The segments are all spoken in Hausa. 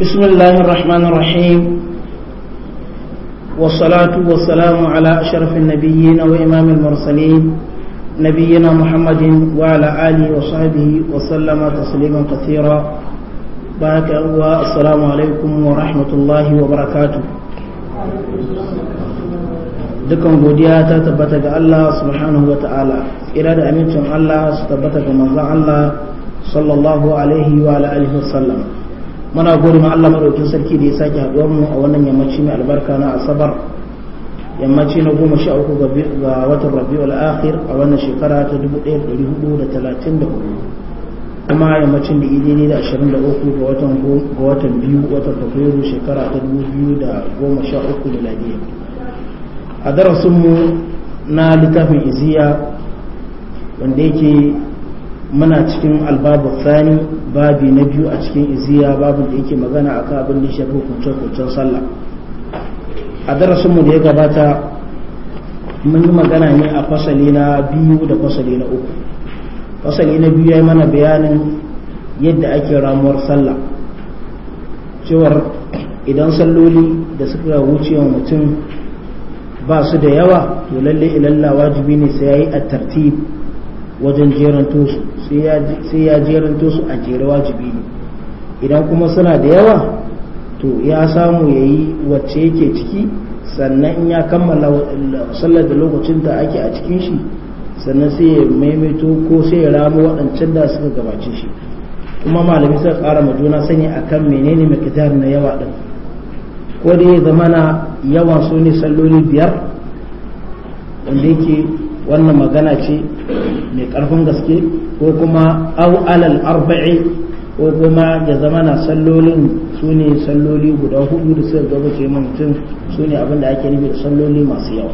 بسم الله الرحمن الرحيم والصلاة والسلام على أشرف النبيين وإمام المرسلين نبينا محمد وعلى آله وصحبه وسلم تسليما كثيرا بارك الله السلام عليكم ورحمة الله وبركاته dukan godiya ta tabbata ga Allah subhanahu wa ta'ala tsira da amincin Allah su tabbata ga manzon Allah sallallahu alaihi wa alihi wa sallam muna gode ma Allah madaukin sarki da ya sake haɗuwar mu a wannan yammaci mai albarka na asabar yammaci na goma sha uku ga watan rabiul akhir a wannan shekara ta dubu ɗaya da da talatin hudu kuma yammacin da idi ne da uku ga watan ga watan biyu watan fabrairu shekara ta dubu biyu da goma sha uku da ladiya a darasin mu na littafin iziya wanda yake muna cikin albabu tsani babi na biyu a cikin iziya babin da yake magana a ka abin da shafi hukuncen sallah a darasinmu da ya gabata mun yi magana ne a fasali na biyu da fasali na uku fasali na biyu ya yi mana bayanin yadda ake ramuwar sallah cewar idan salloli da suka wuce wa mutum ba su da yawa to lalle ilalla wajibi ne sai ya yi a tartib wajen jeranto su sai ya jeranto su a jere wajibi ne idan kuma suna da yawa to ya samu ya yi wacce yake ciki sannan in ya kammala sallar da lokacin da ake a cikin shi sannan sai ya maimaito ko sai ya ramu waɗancan da suka gabace shi kuma malami suka ƙara ma juna sani akan menene makidar na yawa ɗin ko da ya zama na yawan su ne salloli biyar wanda yake wannan magana ce mai ƙarfin gaske ko kuma au alal arba'i ko kuma ya zama na sallolin su ne salloli guda hudu da suka gabace ma mutum su ne abin da ake nufi da salloli masu yawa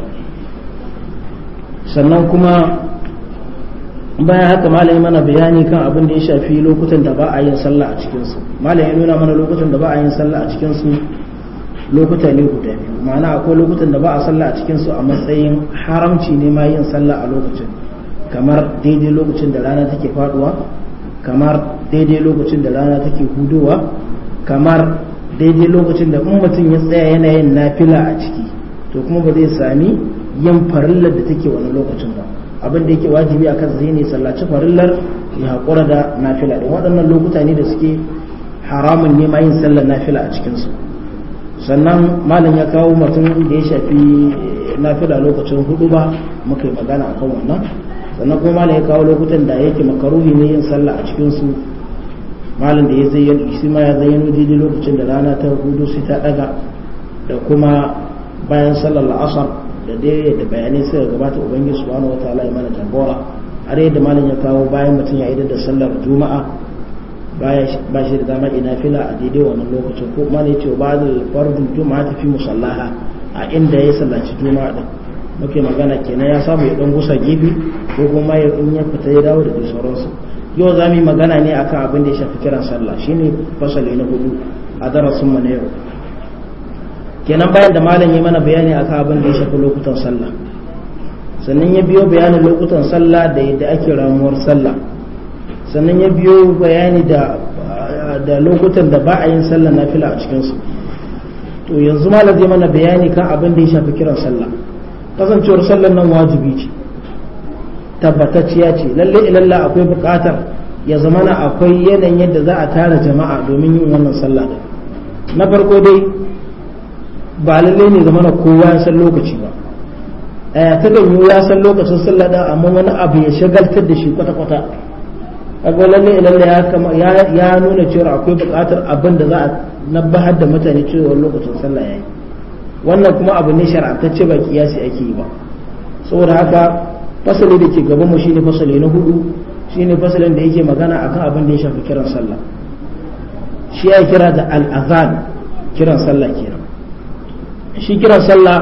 sannan kuma bayan haka malami mana bayani kan abin da ya shafi lokutan da ba a yin sallah a cikinsu malami ya nuna mana lokutan da ba a yin sallah a cikinsu lokuta ne guda biyu ma'ana akwai lokutan da ba a sallah a cikin su a matsayin haramci ne ma yin sallah a lokacin kamar daidai lokacin da rana take faduwa kamar daidai lokacin da rana take hudowa kamar daidai lokacin da ummatin mutum ya tsaya yana yin nafila a ciki to kuma ba zai sami yin farillar da take wani lokacin ba abin da yake wajibi a kan zai ne sallaci farillar ya haƙura da nafila da waɗannan lokuta ne da suke haramun nema yin sallar nafila a cikinsu sannan malam ya kawo mutum da ya shafi na eh, nafila lokacin hudu ba muka yi magana a kan wannan sannan kuma malam ya kawo lokutan da yake makaruhi ne yin sallah a cikin su malam da ya zayyano shi ma ya zayyano daidai lokacin da rana ta hudu sai ta daga da kuma bayan sallar la'asar da dai da bayanai suka gabata ubangiji subhanahu wataala ya mana jagora har yadda malam ya kawo bayan mutum ya idar da sallar juma'a ba shi da dama ina fila a daidai wannan lokacin ko mana ne ce ba da fardun juma'a fi musallaha a inda ya sallaci juma'a din muke magana kenan ya samu ya dan gusa gibi ko kuma ya in ya fita ya dawo da sauransu yau za mu yi magana ne akan abin da ya shafi kiran sallah shine fasali na hudu a darasin mu na yau kenan bayan da malam ya mana bayani akan abin da ya shafi lokutan sallah sannan ya biyo bayanin lokutan sallah da yadda ake ramuwar sallah sannan ya biyo bayani da lokutan da ba a yin sallah fila a cikinsu to yanzu malam zai mana bayani kan abin da ya shafi kiran sallah kasancewar sallar nan wajibi ce tabbatacciya ce lalle ilalla akwai buƙatar ya zamana akwai yanayin yadda za a tara jama'a domin yin wannan sallah na farko dai ba lalle ne zamana kowa ya san lokaci ba ta ganyo ya san lokacin sallah amma wani abu ya shagaltar da shi kwata-kwata kaga lalle lalle ya kama ya nuna cewa akwai buƙatar abin da za a nabbahar da mutane cewa lokacin sallah yayi wannan kuma abu ne ce ba kiyasi ake yi ba saboda haka fasali da ke gaban mu shine fasali na hudu shine fasalin da yake magana akan abin da ya shafi kiran sallah shi ya kira da al-azan kiran sallah kenan shi kiran sallah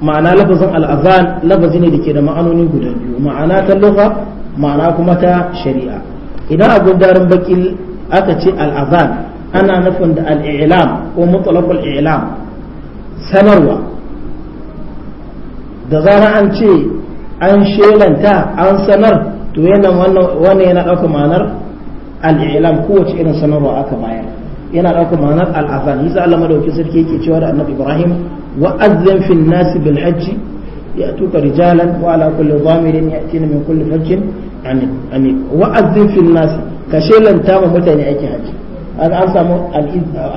ma'ana lafazin al-azan lafazi ne da ke da ma'anoni guda biyu ma'ana ta lugha ma'ana kuma ta shari'a idan a gundarin baki aka ce al'azan ana nufin da al'ilam ko mutlaqul ilam sanarwa da zara an ce an shelanta an sanar to yana wannan yana ɗauka ma'anar al'ilam kowace irin sanarwa aka bayar yana ɗauka ma'anar al'azan yasa Allah madauki sarki yake cewa da Annabi Ibrahim wa fil nasi bil hajji يأتوك رجالا وعلى كل ضامر يأتين من كل فج عميق عميق وأذن في الناس كشيلا تام متى أيكي حج هذا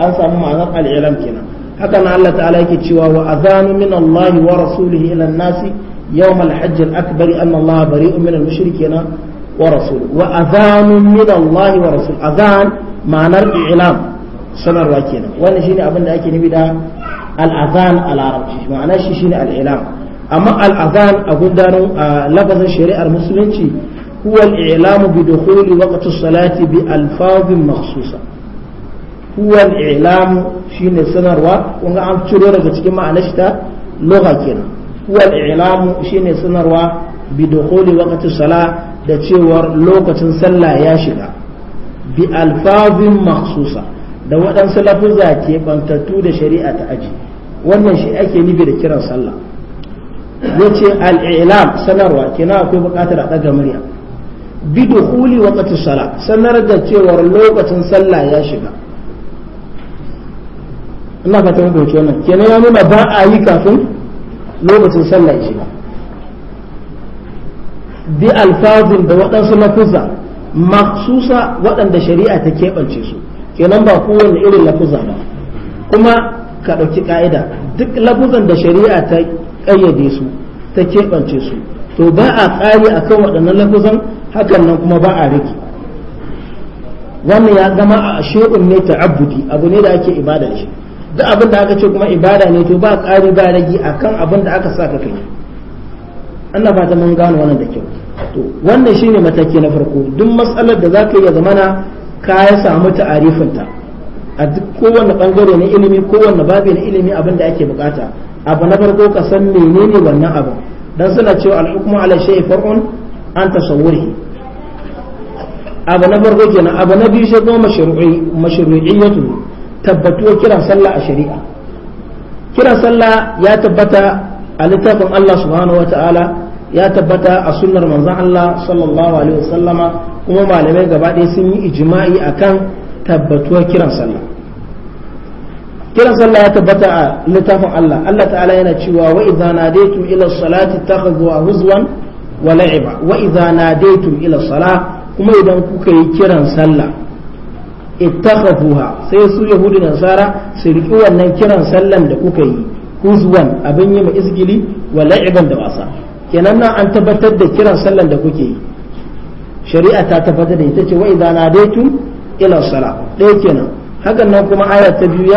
أنسى معنى الإعلام كنا هكذا الله تعالى يكتشوا وأذان من الله ورسوله إلى الناس يوم الحج الأكبر أن الله بريء من المشركين ورسوله وأذان من الله ورسوله أذان معنى الإعلام سنروا كنا وأنا شيني أبن أيكي نبدا الأذان العربي معناه شيني الإعلام amma al'azan a gudanar a lafazin shari'ar musulunci huwa al'ilamu bi dukhuli waqti salati bi alfazin makhsusa huwa al'ilamu shine sanarwa kun an ciro daga cikin ma'anar shi ta lugha kenan huwa al'ilamu shine sanarwa bi dukhuli waqti sala da cewar lokacin sallah ya shiga bi alfazin makhsusa da waɗansu lafuzza ke bantattu da shari'a ta aji wannan shi ake nufi da kiran sallah yace al-i'lam sanarwa kina akwai buƙatar a ɗaga murya bi bidukhuli waqti sala sanar da cewar lokacin sallah ya shiga ina fata mun dauke wannan kenan ya nuna ba a yi kafin lokacin sallah ya shiga bi alfazin da waɗansu lafuza maksusa waɗanda shari'a ta keɓance su kenan ba kowane irin lafuza ba kuma ka ɗauki ƙa'ida duk lafuzan da shari'a ta ƙayyade su ta keɓance su to ba a ƙari a kan waɗannan lafazan hakan nan kuma ba a rage wannan ya zama a shekun ne abudi abu ne da ake ibada shi duk abin da aka ce kuma ibada ne to ba ƙari ba rage akan abin da aka sa ka kai Allah ba ta mun gano wannan da kyau to wannan shine mataki na farko duk matsalar da zaka iya zamana ka ya samu ta'arifinta a duk kowanne bangare na ilimi kowanne babi na ilimi abin da ake bukata abu na farko ka san menene wannan abu dan suna cewa al-hukmu ala shay'i far'un an tasawwuri abu na farko kenan abu na biyu shi kuma mashru'i mashru'iyyatu tabbatuwa kiran sallah a shari'a kiran sallah ya tabbata a littafin Allah subhanahu wata'ala ya tabbata a sunnar manzon Allah sallallahu alaihi wasallama kuma malamai gaba ɗaya sun yi ijma'i akan tabbatuwar kiran sallah kiran sallah ya tabbata a littafin Allah Allah ta'ala yana cewa wa idza nadaytum ila salati takhudhu huzwan wa la'iba wa idza nadaytum ila salah kuma idan kuka yi kiran sallah ittakhafuha sai su yahudu da nasara su riki wannan kiran sallan da kuka yi huzwan abin yi ma isgili wa la'iban da wasa kenan nan an tabbatar da kiran sallan da kuke yi shari'a ta tabbatar da ita ce wa idza nadaytum ila salah ɗaya kenan hakan nan kuma aya ta biyu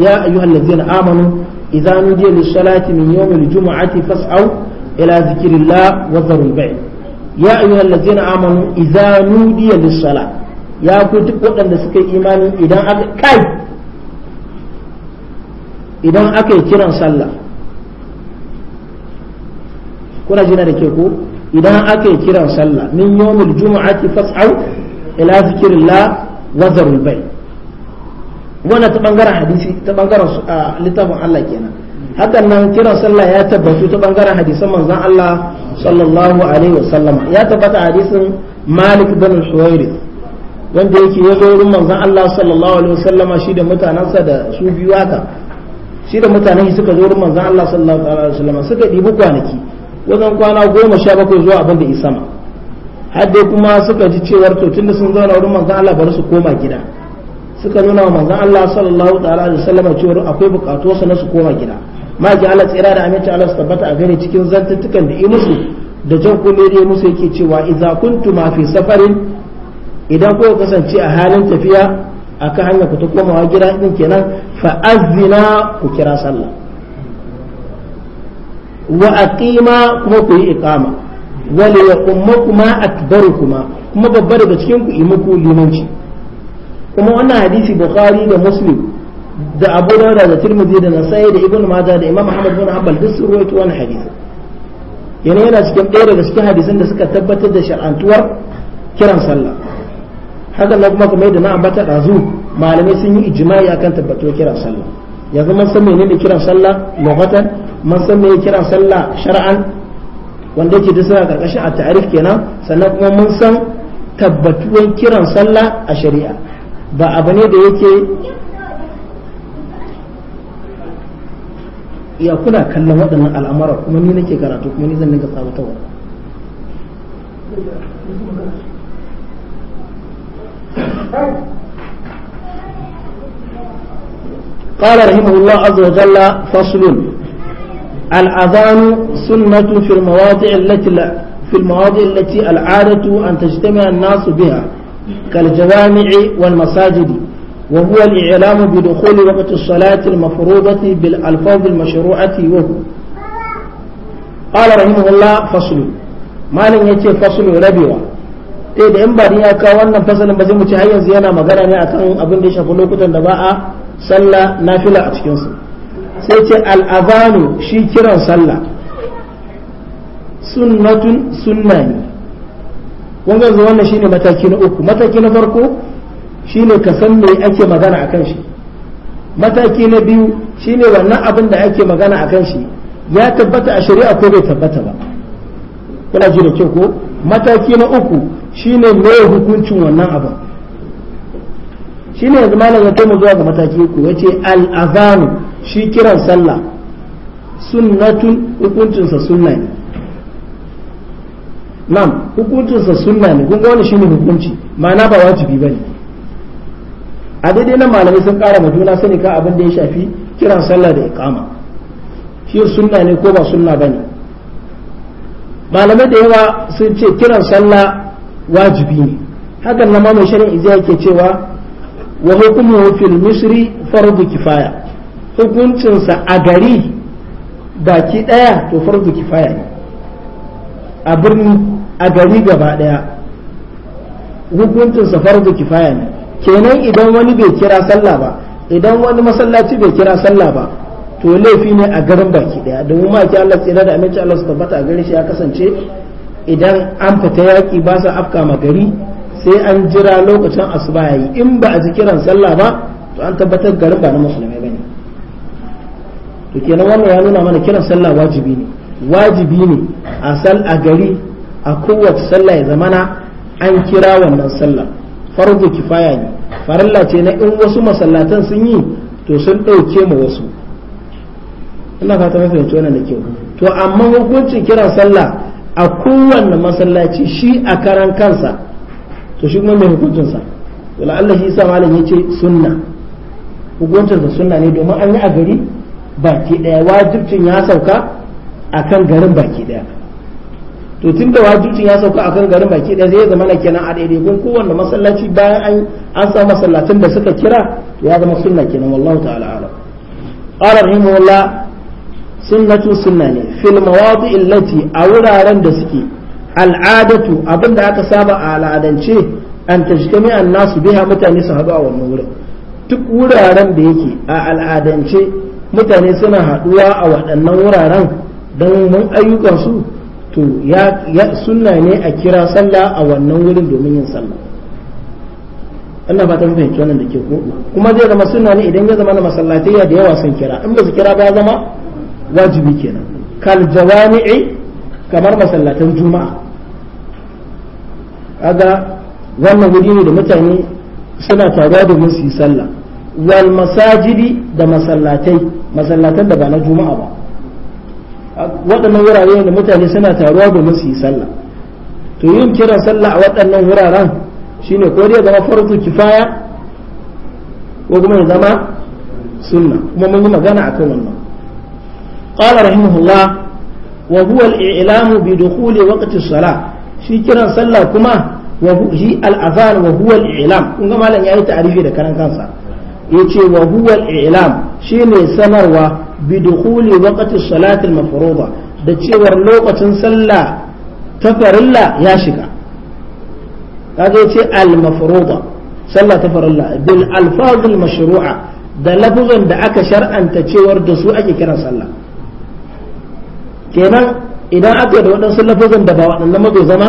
ya ayyuhal ladzina amanu idza nudiya lis-salati min yawmil jumu'ati fas'au ila wa ya amanu nudiya ya ku duk waɗanda suka yi imani idan aka kai idan aka yi kiran sallah kuna jina da ke ko idan aka yi kiran sallah min yawmil jumu'ati fas'au ila zikrillah wa dharul wannan ta bangaren hadisi ta bangaren littafin Allah kenan hakan nan kiran sallah ya tabbatu ta bangaren hadisan manzon Allah sallallahu alaihi wasallam ya tabbata hadisin Malik bin Huwairi wanda yake ya zo wurin manzon Allah sallallahu alaihi wasallam shi da mutanansa da su biyu haka shi da mutanen shi suka zo wurin manzon Allah sallallahu alaihi wasallam suka dibi kwanaki wajen kwana goma sha bakwai zuwa abin da isama har dai kuma suka ji cewar to tunda sun zauna wurin manzon Allah bari su koma gida suka nuna wa manzon Allah sallallahu ta'ala alaihi wasallam cewa akwai bukatuwarsa na su koma gida ji Allah tsira da aminci Allah su tabbata a gani cikin zantuttukan da yi musu da jan kunne da musu yake cewa idza kuntuma fi safarin idan kuka kasance a halin tafiya akan hanyar ku ta komawa gida din kenan fa azina ku kira sallah wa aqima kuma ku yi iqama wal yaqumma kuma akbarukuma kuma babbar da cikin ku muku limanci kuma wannan hadisi bukhari da muslim da abu dauda da tirmidhi da nasai da ibn majah da imam ahmad bin hanbal duk sun rawaito wannan hadisi yana yana cikin ɗaya daga cikin da suka tabbatar da shar'antuwar kiran sallah haka na kuma kamar yadda na ambata ɗazu malamai sun yi ijma'i akan tabbatuwar kiran sallah yanzu mun san menene kiran sallah lokatan mun san me kiran sallah shar'an wanda yake da suna karkashin a ta'arif kenan sannan kuma mun san tabbatuwar kiran sallah a shari'a ba abu ne da yake ya kuna kallon waɗannan al'amura kuma ni nake karatu kuma ni zan dinga tsawatarwa قال رحمه الله عز وجل فصل الأذان سنة في المواضع التي في المواضع التي العادة أن تجتمع الناس بها كالجوامع والمساجد وهو الإعلام بدخول وقت الصلاة المفروضة بالألفاظ المشروعة وهو قال رحمه الله فصل ما لم يتي فصل ربيع eh da in ba ya kawo wannan fasalin ba zai mu ce har yana magana ne a abin abinda ya shafi lokutan da ba a sallah nafila a cikin su sai ce al'azanu shi kiran sallah sunnatun sunna ne kun ga wannan shine mataki na uku mataki na farko shine ka san me ake magana akan shi mataki na biyu shine wannan abin da ake magana akan shi ya tabbata a shari'a ko bai tabbata ba kuna ji da kyau ko mataki na uku shine me hukuncin wannan abin shine yanzu malam ya kai mu zuwa ga mataki uku yace al azanu shi kiran sallah sunnatun hukuncinsa sunna ne nan hukuncinsa sunna ne kun wani wani shine hukunci ma'ana ba wajibi bane a daidai na malamai sun kara ma juna sani ka abin da ya shafi kiran sallah da iqama shi sunna ne ko ba sunna bane malamai da yawa sun ce kiran sallah wajibi ne hakan na mai shari'a ijiya yake cewa wa hukumu fil misri fardu kifaya hukuncinsa a gari baki daya to fardu kifaya ne a birni a gari gaba daya hukuncin safar da kifaya ne kenan idan wani bai kira sallah ba idan wani masallaci bai kira sallah ba to laifi ne a garin baki ɗaya da ma ki Allah tsira da aminci Allah su tabbata a garin shi ya kasance idan an fita yaki ba sa afka ma gari sai an jira lokacin asuba yayi in ba a ji kiran sallah ba to an tabbatar garin ba na musulmai bane to kenan wannan ya nuna mana kiran sallah wajibi ne wajibi ne a sal a gari a kowace sallah ya zamana an kira wannan sallah farko kifaya ne farilla ce na in wasu masallatan sun yi to sun ɗauke mu wasu ina fata mafi da wannan da kyau to amma hukuncin kiran sallah a kowanne masallaci shi a karan kansa to shi kuma mai hukuncinsa wala Allah shi sa malam yace sunna hukuncinsa sunna ne domin an yi a gari baki ɗaya wajibcin ya sauka akan garin baki daya to tun da wajibcin ya sauka akan garin baki ɗaya zai zama na kenan a daidai gun kowanne masallaci bayan an an sa masallatin da suka kira ya zama sunna kenan wallahu ta'ala ala qala rahimahullah sunnatu sunna ne fil mawadi allati a wuraren da suke al'adatu abinda aka saba a al'adance an tajtami an nasu biha mutane su haɗu a wannan wurin duk wuraren da yake a al'adance mutane suna haɗuwa a waɗannan wuraren don mun ayyukan su to ya sunna ne a kira sallah a wannan wurin domin yin sallah Allah ba ta fahimci wannan da ke ko kuma zai zama sunna ne idan ya zama na masallatiya da yawa sun kira in ba su kira ba zama wajibi kenan kal jawami'i kamar masallatan juma'a kaga wannan wuri ne da mutane suna taruwa da su yi sallah wal masajidi da masallatai masallatan da ba na juma'a ba waɗannan wurare da mutane suna taruwa domin su yi sallah to yin kiran sallah a waɗannan wuraren shine ko dai zama farzu kifaya ko kuma ya zama sunna kuma mun yi magana akan wannan qala rahimahullah wa huwa al-i'lamu bi dukhuli waqti as-salah shi kiran sallah kuma wa hi al-adhan wa huwa al-i'lam kun ga malam yayi ta'arifi da karan kansa yace wa huwa al-i'lam shine sanarwa bi dukhuli waqti salati al da cewar lokacin sallah ta farilla ya shiga kaga yace al-mafruḍa sallah ta farilla bil alfaz mashrua da lafuzan da aka shar'anta cewar da su ake kiran sallah kenan idan aka da waɗansu lafazan da ba waɗannan mazo zama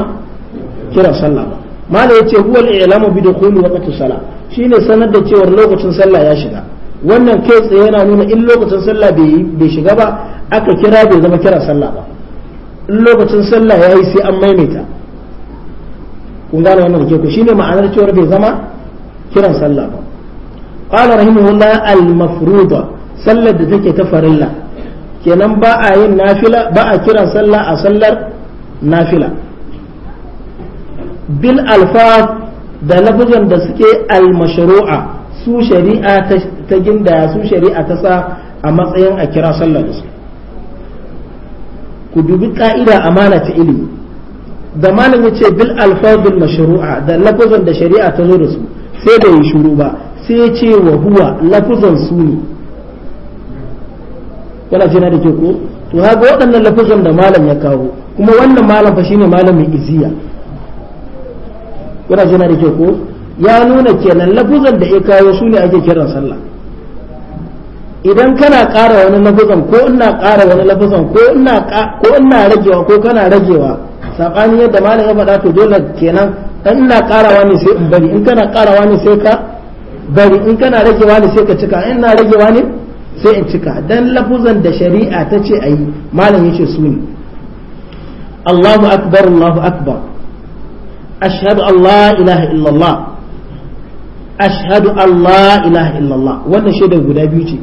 kiran sallah ba mala yace huwa al-i'lamu bi dukhuli waqti salah shine sanar da cewar lokacin sallah ya shiga wannan kai tsaye yana nuna in lokacin sallah bai shiga ba aka kira bai zama kira sallah ba in lokacin sallah ya yi sai an maimaita kun gane wannan da ku shine ma'anar cewar bai zama kiran sallah ba qala rahimahullah al mafruda sallar da take ta farilla kenan ba a yin nafila ba a kiran sallah a sallar nafila bil alfaz da lafazan da suke al mashru'a su shari'a ta gindaya su shari'a ta sa a matsayin a kira sallar da su ku dubi ka'ida amana ta ilimi da malam ya ce bil alfazul mashru'a da lafazan da shari'a ta zo da su sai da yi shuru ba sai ce wa huwa lafazan su ne kuna jina da ke ko to haka waɗannan lafazan da malam ya kawo kuma wannan malam fa shine malamin iziya kuna jina da ke ko ya nuna kenan lafuzan da ya kawo su ne ake kiran sallah idan kana ƙara wani lafuzan ko ina ƙara wani lafuzan ko ina ko ina ragewa ko kana ragewa sabani yadda malam ya faɗa to dole kenan dan ina ƙarawa ne sai in bari in kana ƙarawa ne sai ka bari in kana ragewa ne sai ka cika in na ragewa ne sai in cika dan lafuzan da shari'a ta ce ayi malam yace su ne Allahu akbar Allahu akbar ashhadu an la ilaha illallah ashhadu Allah ilaha illallah wannan shaidar guda biyu ce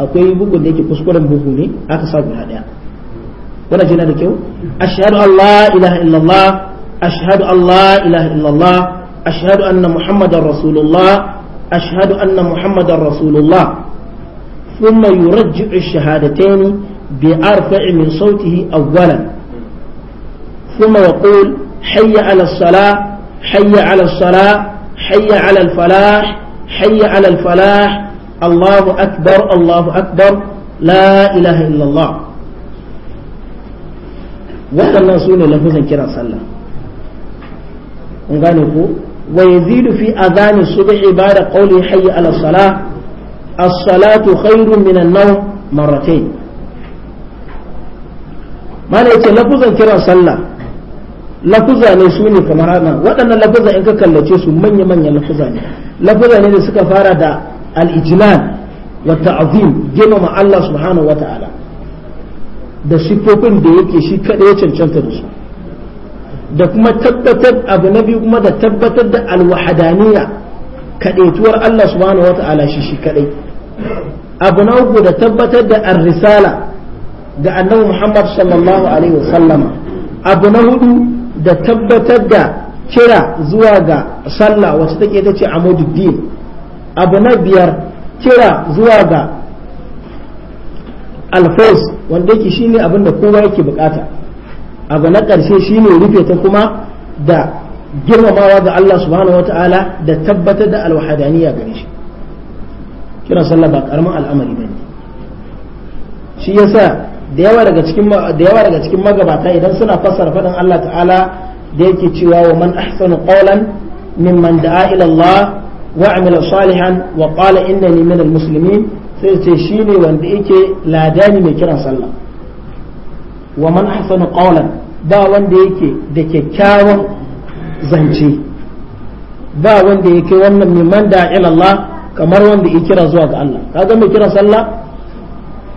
akwai bugun da yake kuskuren bugu ne aka sa guda daya wannan jina da kyau ashhadu Allah ilaha illallah ashhadu Allah ilaha illallah ashhadu anna muhammadar rasulullah ashhadu anna muhammadar rasulullah ثم يرجع الشهادتين بأرفع من صوته أولا ثم يقول حي على الصلاة حي على الصلاة حي على الفلاح حي على الفلاح الله أكبر الله أكبر لا إله إلا الله وقال رسول الله صلى الله عليه وسلم ونقول ويزيد في أذان الصبح بعد قوله حي على الصلاة الصلاة خير من النوم مرتين ما لا يتلفظ كرا صلى الله عليه وسلم lafuza ne su ne kamar haka waɗannan lafuza in ka kallace su manya-manyan lafuza ne lafuza ne da suka fara da alijilan ijlal wa ta'zim girmama Allah subhanahu wata'ala da sifofin da yake shi kaɗai ya cancanta da su da kuma tabbatar abu na biyu kuma da tabbatar da alwahadaniya kaɗaituwar Allah subhanahu wata'ala shi shi kaɗai abu na uku da tabbatar da ar-risala ga annabi Muhammad sallallahu alaihi wasallama abu na hudu da tabbatar da kira zuwa ga sallah wacce take ta ce amaduddin abu na biyar kira zuwa ga alfos wanda yake shine abin da kowa yake bukata abu na ƙarshe shine rufe ta kuma da girmamawa ga Allah subhanahu wata'ala da tabbatar da alwahadaniya gare shi kira sallah ba karamin al'amari ne shi yasa da yawa daga cikin magabata idan suna fassara faɗin Allah ta'ala da yake cewa wa man ahsanu qawlan mimman da'a ila Allah wa amila salihan wa qala innani al muslimin sai ce shine wanda yake ladani mai kiran sallah wa man ahsanu qawlan ba wanda yake da kyakkyawan zance ba wanda yake wannan mimman da'a ila Allah kamar wanda ya kira zuwa ga Allah kaga mai kiran sallah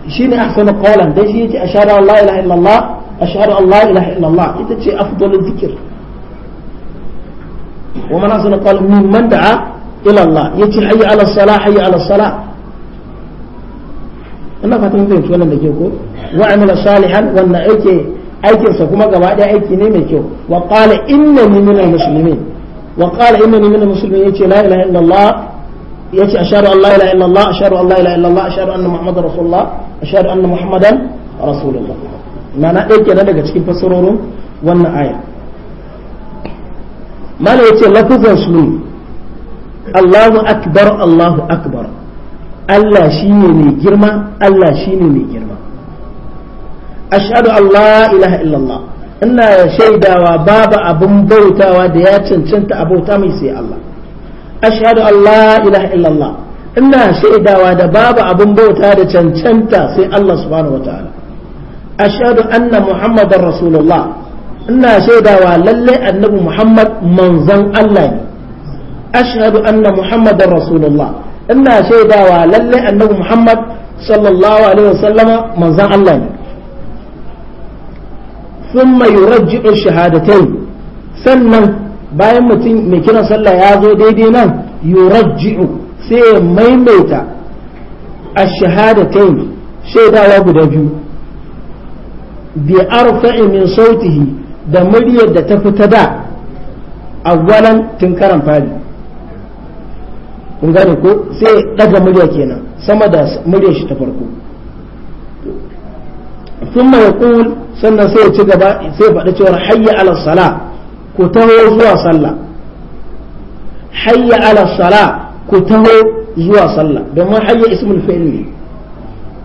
شيء من أحسن قولا ده شيء أشهد أن لا إله إلا الله أشهد أن لا إله إلا الله إذا شيء أفضل الذكر ومن أحسن قال من من دعا إلى الله يتي الحي على الصلاة حي على الصلاة أنا فاتن بين شو لما وعمل صالحا وأن أيكي أيكي سكوما قبادة أيكي نيمي وقال إنني من المسلمين وقال إنني من المسلمين يتي لا إله إلا الله yace ashadu Allah la ilaha illallah ashhadu Allah la ilaha illallah ashhadu anna muhammadar rasulullah ashhadu anna muhammadan rasulullah na ɗaya kenan daga cikin fasarorin wannan aya mala yace lafazan su Allahu akbar Allahu akbar Allah shine mai girma Allah shine mai girma ashadu allah la ilaha illallah ina shaidawa babu abin bautawa da ya cancanta a bauta mai sai Allah ashhadu an la ilaha illallah ina shaidawa da babu abin bauta da cancanta sai Allah subhanahu wataala ashhadu anna muhammadan rasulullah ina shaidawa lalle annabi muhammad manzon Allah ne ashhadu anna muhammadan rasulullah ina shaidawa lalle annabi muhammad sallallahu alaihi wasallama manzon Allah ne ثم يرجع الشهادتين sannan bayan mutum mai kiran sallah ya zo daidai nan yurajji'u sai ya maimaita ash-shahadatayn shaidawa guda biyu bi arfa'i min sautihi da muryar da ta fita da awwalan tunkaran fari gane ko sai daga murya kenan sama da murya shi ta farko ثم يقول sannan sai ya ci gaba sai faɗi cewar hayya ala sala ku taho zuwa sallah hayya ala sala ku taho zuwa sallah domin hayya ismul fi'l ne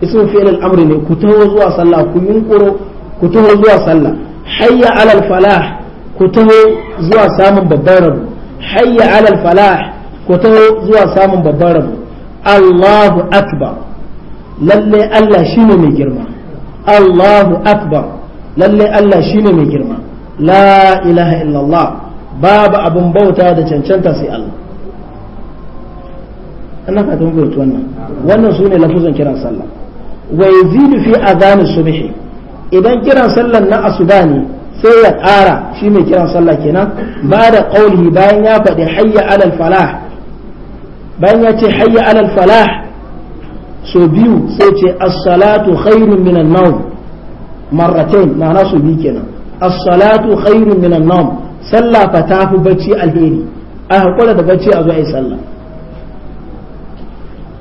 ismul fi'l al-amr ne ku taho zuwa sallah ku yunkuro ku taho zuwa sallah hayya ala al-falah ku taho zuwa samun babban rabo hayya ala al-falah ku taho zuwa samun babban rabo Allahu akbar lalle Allah shine mai girma Allahu akbar lalle Allah shine mai girma la ilaha illallah babu abin bauta da cancanta sai Allah Allah wannan wannan su kiran sallah wa yazidu fi adhanis subhi idan kiran sallar na asuba ne sai ya ƙara shi mai kiran sallah kenan ba da ƙauli bayan ya faɗi hayya alal falah bayan ya ce hayya alal falah so biyu sai ce as-salatu khairun minan nawm marratain ma'ana su biyu kenan as-salatu khairun min an-nawm sallah fa tafi bacci alheri a hakura da bacci a zo ai sallah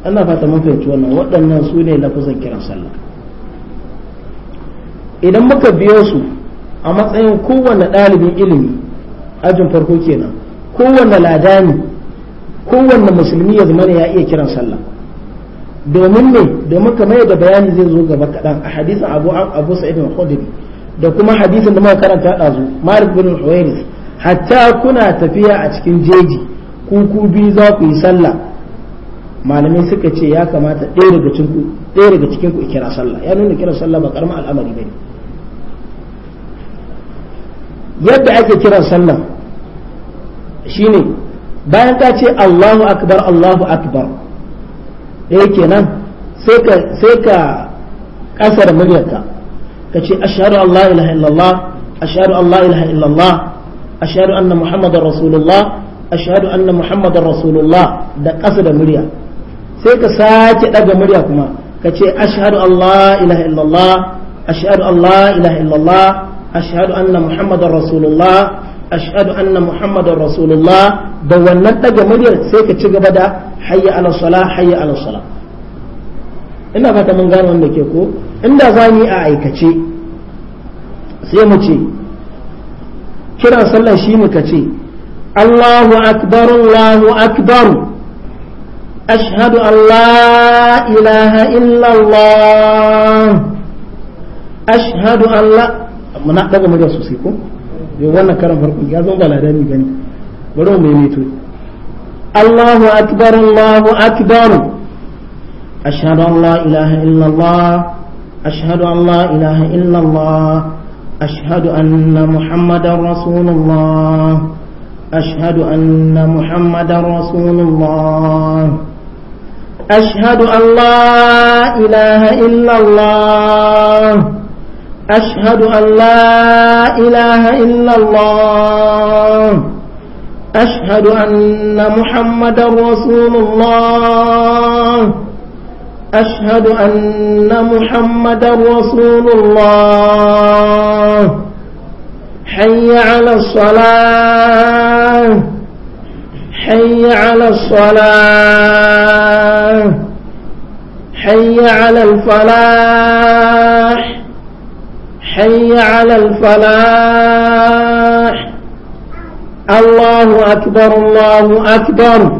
ana fata mun fahimci wannan waɗannan su ne lafuzan kiran sallah idan muka biyo su a matsayin kowanne ɗalibin ilimi ajin farko kenan kowanne ladani kowanne musulmi ya zama ya iya kiran sallah domin ne domin mai yadda bayani zai zo gaba kaɗan a hadisin abu abu sa'id khudri da kuma hadisin da muka karanta ɗazu malik bin huwairis hatta kuna tafiya a cikin jeji ku ku biyu za ku yi sallah malamai suka ce ya kamata ɗaya daga cikin ɗaya daga cikin ku kira sallah ya nuna kira sallah ba karamin al'amari bane yadda ake kiran sallah shine bayan ka ce Allahu akbar Allahu akbar ɗaya kenan sai ka sai ka ƙasar muryarka ka ce ashhadu allah la ilaha illallah ashhadu an la ilaha illallah ashhadu anna muhammadar rasulullah ashhadu anna muhammadar rasulullah da ƙasa da murya sai ka sake ɗaga murya kuma ka ce ashhadu allah la ilaha illallah ashhadu an la ilaha illallah ashhadu anna muhammadar rasulullah ashhadu anna muhammadar rasulullah da wannan daga murya sai ka ci gaba da hayya ala sala hayya ala sala ina fata mun gano wanda ke ko inda za mu yi a aikace sai mu ce kiran sallah shi muka ce Allahu akbar Allahu akbar ashhadu an la ilaha illa Allah ashhadu an la muna daga murya sosai ko yau wannan karan farko ya zama baladani gani bari mu maimaito Allahu akbar Allahu akbar أشهد أن لا إله إلا الله أشهد أن لا إله إلا الله أشهد أن محمدا رسول الله أشهد أن محمدا رسول الله أشهد أن لا إله إلا الله أشهد أن لا إله إلا الله أشهد أن محمدا رسول الله أشهد أن محمد رسول الله حي على الصلاة حي على الصلاة حي على الفلاح حي على الفلاح الله أكبر الله أكبر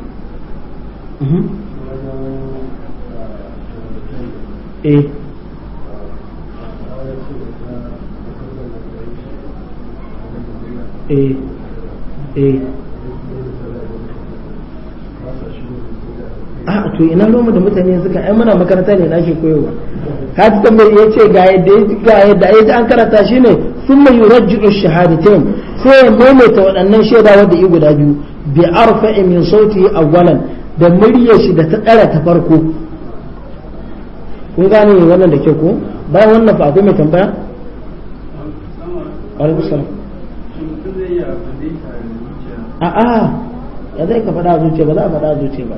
Mhm. Eh. Eh. Eh. a ah, to ina noma da mutane suka ai muna makaranta ne na ake koyowa ka ji tambayi ya ce ga yadda ga yadda ai an karanta shi ne thumma yurajji'u shahadatain sai ya maimaita waɗannan shaida wanda yi guda biyu bi arfa'i min sauti awwalan da muryar shi da ta tsara ta farko kun gane wannan da kyau ko bayan wannan fa akwai mai tambaya alaikum salam a a ya zai ka faɗa zuciya ba za a faɗa zuciya ba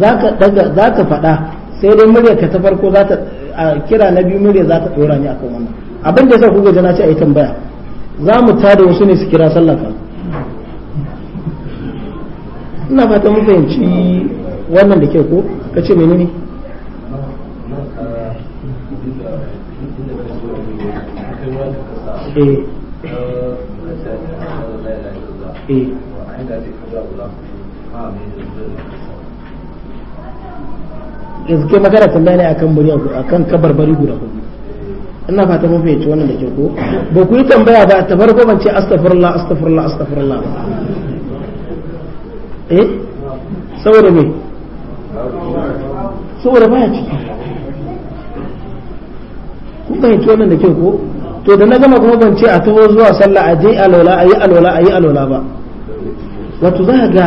zaka daga zaka faɗa sai dai muryar ka ta farko za ta a kira na biyu murya za ta dora ni akan wannan abin da yasa kuka jana ce a yi tambaya za mu tada wasu ne su kira sallah ina fata mun fahimci wannan da ke ko ka ce menene eh eh yanzu kai magana tambaya ne akan bari akan kabarbari guda hudu ina fata mun fahimci wannan da ke ko ba ku yi tambaya ba ta farko ban ce astaghfirullah astaghfirullah astaghfirullah eh saboda me saboda baya ciki kun fahimci wannan da kyau ko to da na gama kuma ban ce a taho zuwa sallah a je alola a yi alola a yi alola ba wato za ga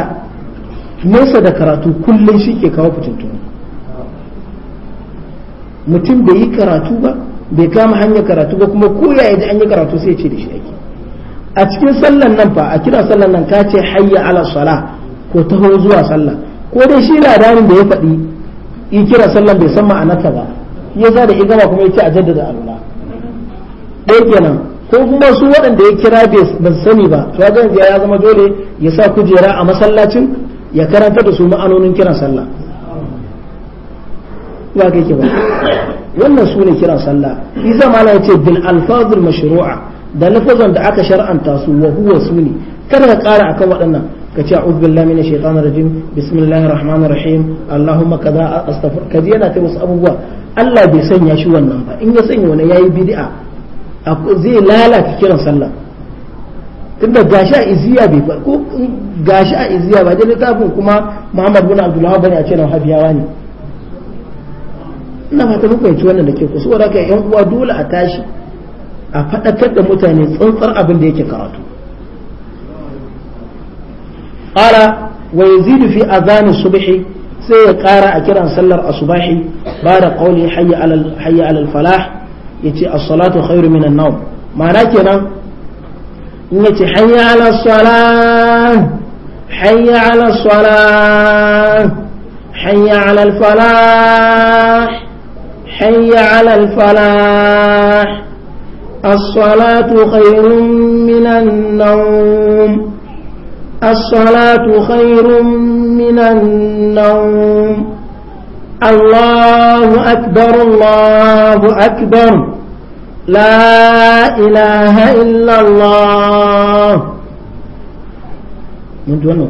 nesa da karatu kullum shi ke kawo fitintuni. mutum bai yi karatu ba bai kama hanyar karatu ba kuma ko ya ji an yi karatu sai ce da shi ake a cikin sallan nan fa a kira sallan nan ka ce hayya ala sala ko taho zuwa sallah ko dai shi labarin da ya faɗi in kira sallah bai san ma'anarta ba ya za da igama kuma ya ce a jaddada allah ɗaya kenan ko kuma su waɗanda ya kira ba sani ba to ga yanzu ya zama dole ya sa kujera a masallacin ya karanta da su ma'anonin kiran sallah ba kai ke ba wannan su ne kiran sallah isa malam ce bil alfazul mashru'a da lafazan da aka shar'anta su wa huwa suni kada ka ƙara akan waɗannan ka ce a'udhu billahi minash shaitanir rajim bismillahir rahmanir rahim allahumma kaza astaghfir kaji yana ta wasu abubuwa Allah bai sanya shi wannan ba in ya sanya wani yayi bid'a zai lalata kiran sallah tunda gashi a iziya bai ba dai littafin kuma Muhammad bin Abdullah bane a ce na habiyawa ne ina fata muku yanci wannan da ke kusa wadda ka yan uwa dole a tashi a faɗakar da mutane tsantsar abin da yake karatu قال ويزيد في أذان الصبح سيقارا أكرا سلر الصباح بعد قوله حي على الحي على الفلاح يتي الصلاة خير من النوم ما راكنا يتي حي على الصلاة حي على الصلاة حي على الفلاح حي على الفلاح الصلاة خير من النوم الصلاة خير من النوم الله أكبر الله أكبر لا إله إلا الله من دون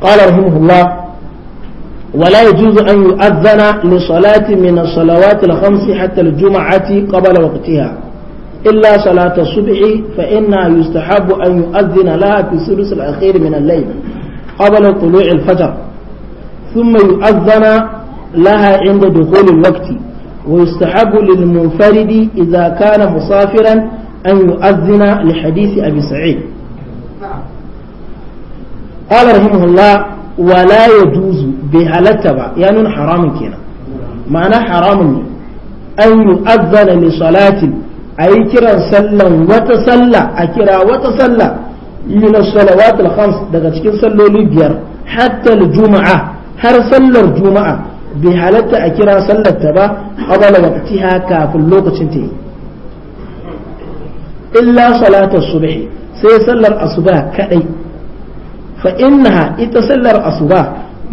قال رحمه الله ولا يجوز أن يؤذن لصلاة من الصلوات الخمس حتى الجمعة قبل وقتها إلا صلاة الصبح فإنها يستحب أن يؤذن لها في الثلث الأخير من الليل قبل طلوع الفجر ثم يؤذن لها عند دخول الوقت ويستحب للمنفرد إذا كان مسافرا أن يؤذن لحديث أبي سعيد قال رحمه الله ولا يجوز لتبع يعني حرام كنا معنى حرام أن يؤذن لصلاة a yi kiran sallan wata salla a kira wata salla min salawat al-khams daga cikin salloli biyar hatta al-juma'a har sallar juma'a bai halatta a kira sallar ta ba qabla waqtiha kafin lokacin ta yi illa salatar subhi sai sallar asuba kadai fa innaha ita sallar asuba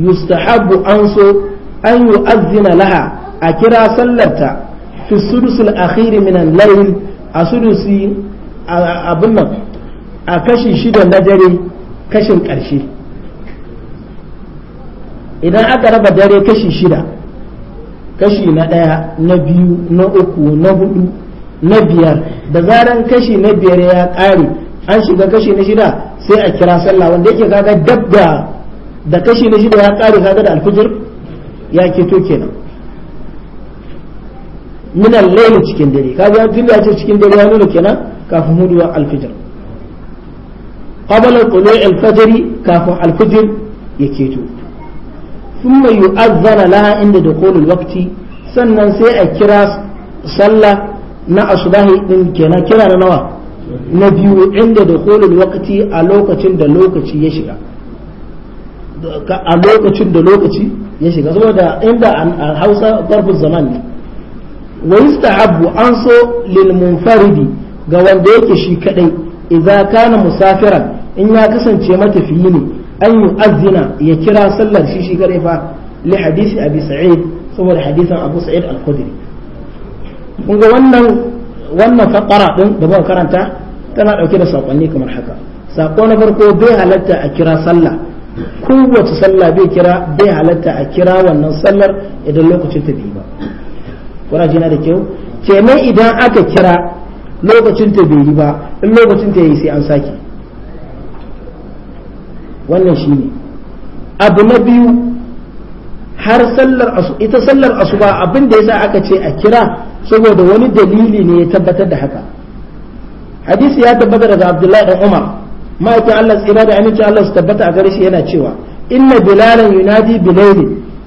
yustahabbu an so an yu'azzina laha a kira sallarta fi sudusul akhiri minan layl a sudusi abin nan a kashi shida na dare kashin ƙarshe idan aka raba dare kashi shida kashi na ɗaya na biyu na uku na hudu na biyar da zaran kashi na biyar ya ƙare an shiga kashi na shida sai a kira sallah wanda yake kaga dabda da kashi na shida ya ƙare kaga da alfijir ya keto kenan min al cikin dare kaga tun da ce cikin dare ya nuna kenan kafin huduwa al-fajr qabla tulu'i al kafin al-fajr yake to thumma yu'adhdhana laha inda dukhul al-waqti sannan sai a kira sallah na asubahi din kenan kira na nawa na biyu inda dukhul al-waqti a lokacin da lokaci ya shiga a lokacin da lokaci ya shiga saboda inda a hausa zarfin zaman ne wa yustahabbu an so lil ga wanda yake shi kadai idza kana musafiran in ya kasance matafiyi ne an yu'azzina ya kira sallar shi shi kadai fa li hadisi abi sa'id saboda hadisin abu sa'id al-khudri kun ga wannan wannan fakara din da muka karanta tana dauke da sakonni kamar haka sako na farko bai halatta a kira sallah kowace sallah bai kira bai halatta a kira wannan sallar idan lokacin ta bi ba kuna jina da kyau kenan idan aka kira lokacin ta bai yi ba in lokacin ta yi sai an sake wannan ne abu na biyu har sallar asu ita sallar asuba abin da yasa aka ce a kira saboda wani dalili ne ya tabbatar da haka hadisi ya tabbata daga abdullahi dan umar ma'aikin allah tsira da aminci allah su tabbata a gare shi yana cewa inna bilalan yunadi bilaili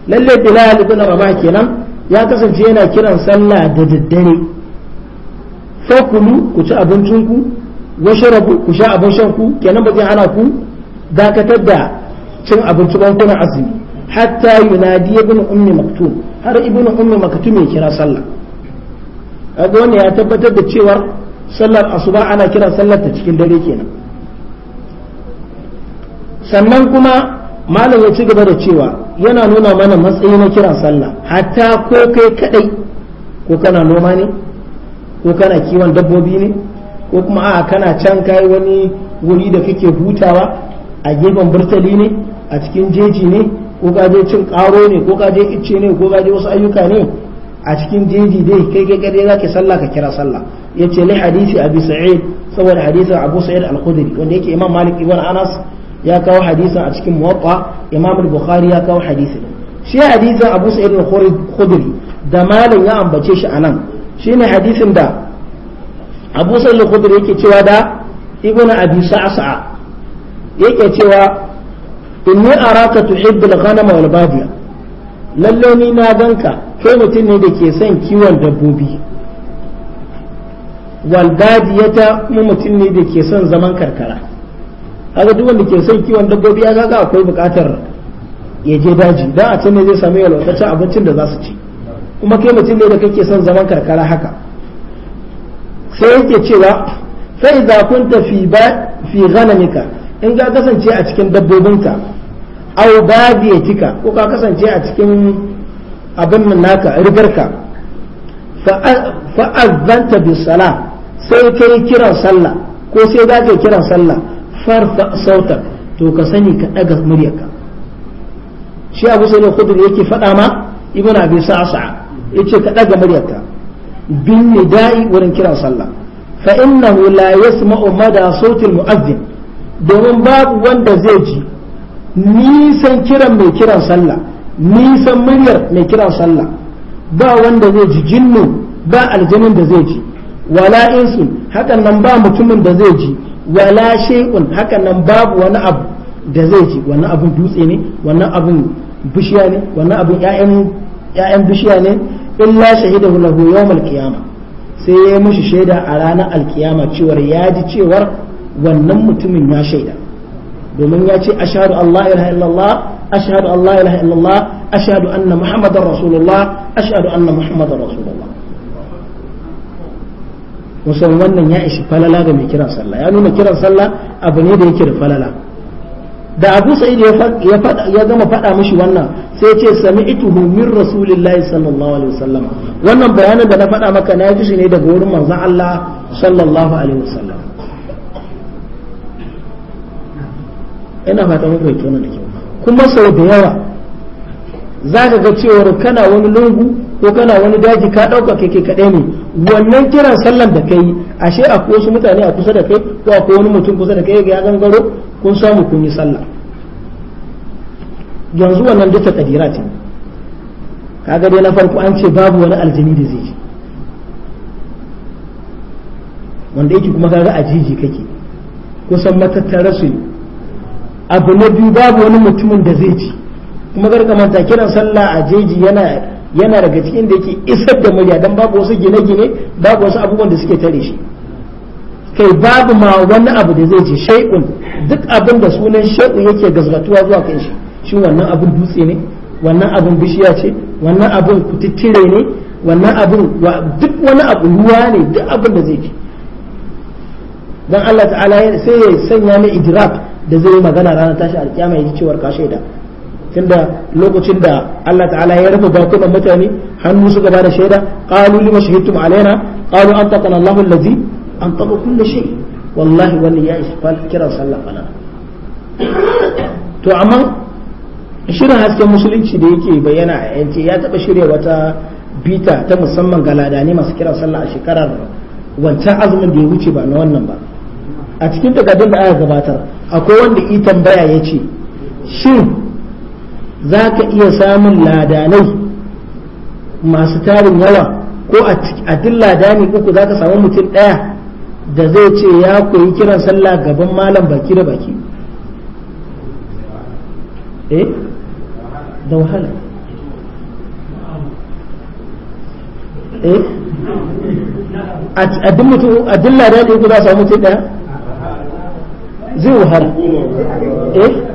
lalle bilal ibn rabah kenan ya kasance yana kiran sallah da daddare fakulu ku ci abincinku washarabu ku sha abin shan ku kenan ba zai hana ku dakatar da cin abinci ban kuna azumi hatta yunadi ibn ummi maktum har ibn ummi maktum ya kira sallah kaga wannan ya tabbatar da cewa sallar asuba ana kira sallar ta cikin dare kenan sannan kuma malam ya ci gaba da cewa yana nuna mana matsayi na kiran sallah hatta ko kai kadai ko kana noma ne ko kana kiwon dabbobi ne ko kuma a kana can kai wani wuri da kake hutawa a gefen burtali ne a cikin jeji ne ko ka je cin karo ne ko ka je icce ne ko ka je wasu ayyuka ne a cikin jeji dai kai kai kadai zaka sallah ka kira sallah yace li hadisi abi sa'id saboda hadisin abu sa'id al-khudri wanda yake imam malik ibn anas ya kawo hadisin a cikin muwatta imam bukhari ya kawo hadisin shi hadisin abu sa'id al-khudri da malam ya ambace shi anan shine hadisin da abu sa'id al-khudri yake cewa da ibn abi sa'sa yake cewa inni araka tuhibbu al-ghanam wal badiya lalle ni na ganka kai mutum ne da ke son kiwon dabbobi wal badiyata kuma mutum ne da ke son zaman karkara haka duk wanda ke son kiwon dabbobi ya ga akwai bukatar ya je daji dan a can ne zai sami yalwataccen abincin da za su ci kuma kai mutum ne da kake son zaman karkara haka sai yake cewa fa za kun fi ba fi ghanamika in ka kasance a cikin dabbobinka aw badiyatika ko ka kasance a cikin abin nan naka rigarka fa azanta sala sai kai kiran sallah ko sai za ka kiran sallah farfa sautar to ka sani ka ɗaga muryarka shi abu sai da yake faɗa ma ibn abi sa'sa yace ka ɗaga muryarka bin nida'i wurin kiran sallah fa innahu la yasma'u mada sautil mu'adhdhin domin babu wanda zai ji nisan kiran mai kiran sallah nisan muryar mai kiran sallah ba wanda zai ji jinnu ba aljanin da zai ji wala insu hakan nan ba mutumin da zai ji wala shay'un hakan nan babu wani abu da zai ci wannan abun dutse ne wannan abun bishiya ne wannan abun ƴaƴan ƴaƴan bishiya ne illa shahidahu lahu yawmal qiyama sai ya mishi shaida a ranar alkiyama cewar ya ji cewar wannan mutumin ya shaida domin ya ce ashhadu Allah ilaha illallah ashhadu Allah ilaha illallah ashhadu anna muhammadar rasulullah ashhadu anna muhammadar rasulullah musamman wannan ya ishi falala ga mai kiran sallah ya nuna kiran sallah abu ne da yake da falala da abu sa'id ya gama faɗa mishi wannan sai ce sami ituhu min rasulillahi sallallahu alaihi wasallam wannan bayanin da na faɗa maka na ji shi ne daga wurin manzon Allah sallallahu alaihi wasallam ina fata muku bai tona da kyau kuma sau da yawa za ka ga cewar kana wani lungu ko kana wani daji ka ɗauka kai kai kaɗai ne wannan kiran sallan da kai ashe akwai wasu mutane a kusa da kai ko akwai wani mutum kusa da kai ya gangaro kun samu kun yi sallah yanzu wannan duk takadira ce kaga dai na farko an ce babu wani aljini da zai wanda yake kuma kaga ajiji kake kusan matattara su abu na biyu babu wani mutumin da zai ci kuma ta kiran sallah a jeji yana yana daga cikin da yake isar da murya dan babu wasu gine-gine babu wasu abubuwan da suke tare shi kai babu ma wani abu da zai ce shay'un duk abin da sunan shay'u yake gazgatuwa zuwa kan shi shin wannan abin dutse ne wannan abin bishiya ce wannan abin kututture ne wannan abin duk wani abu ruwa ne duk abin da zai ce don Allah ta'ala sai ya sanya mai idrak da zai magana ranar tashi alkiyama ya ji cewar ka shaida tunda lokacin da Allah ta'ala ya rufe bakunan mutane hannu suka bada shaida qalu lima shahidtum alaina qalu antaqana Allahu allazi antaqa kulli shay wallahi wani ya isa fal kira sallah fala to amma shirin hasken musulunci da yake bayyana a yanci ya taba shirya wata bita ta musamman ga ladani masu kira sallah a shekarar wancan azumin da ya wuce ba na wannan ba a cikin takardun da aka gabatar akwai wanda i tambaya ya ce shin za ka iya samun ladanai masu tarin yawa ko a duk ladani uku za ka samu mutum ɗaya da zai ce ya koyi kiran sallah gaban malam baki da baki eh da wahala eh a duk mutum a duk ladani uku za ka samu mutum ɗaya zai wahala eh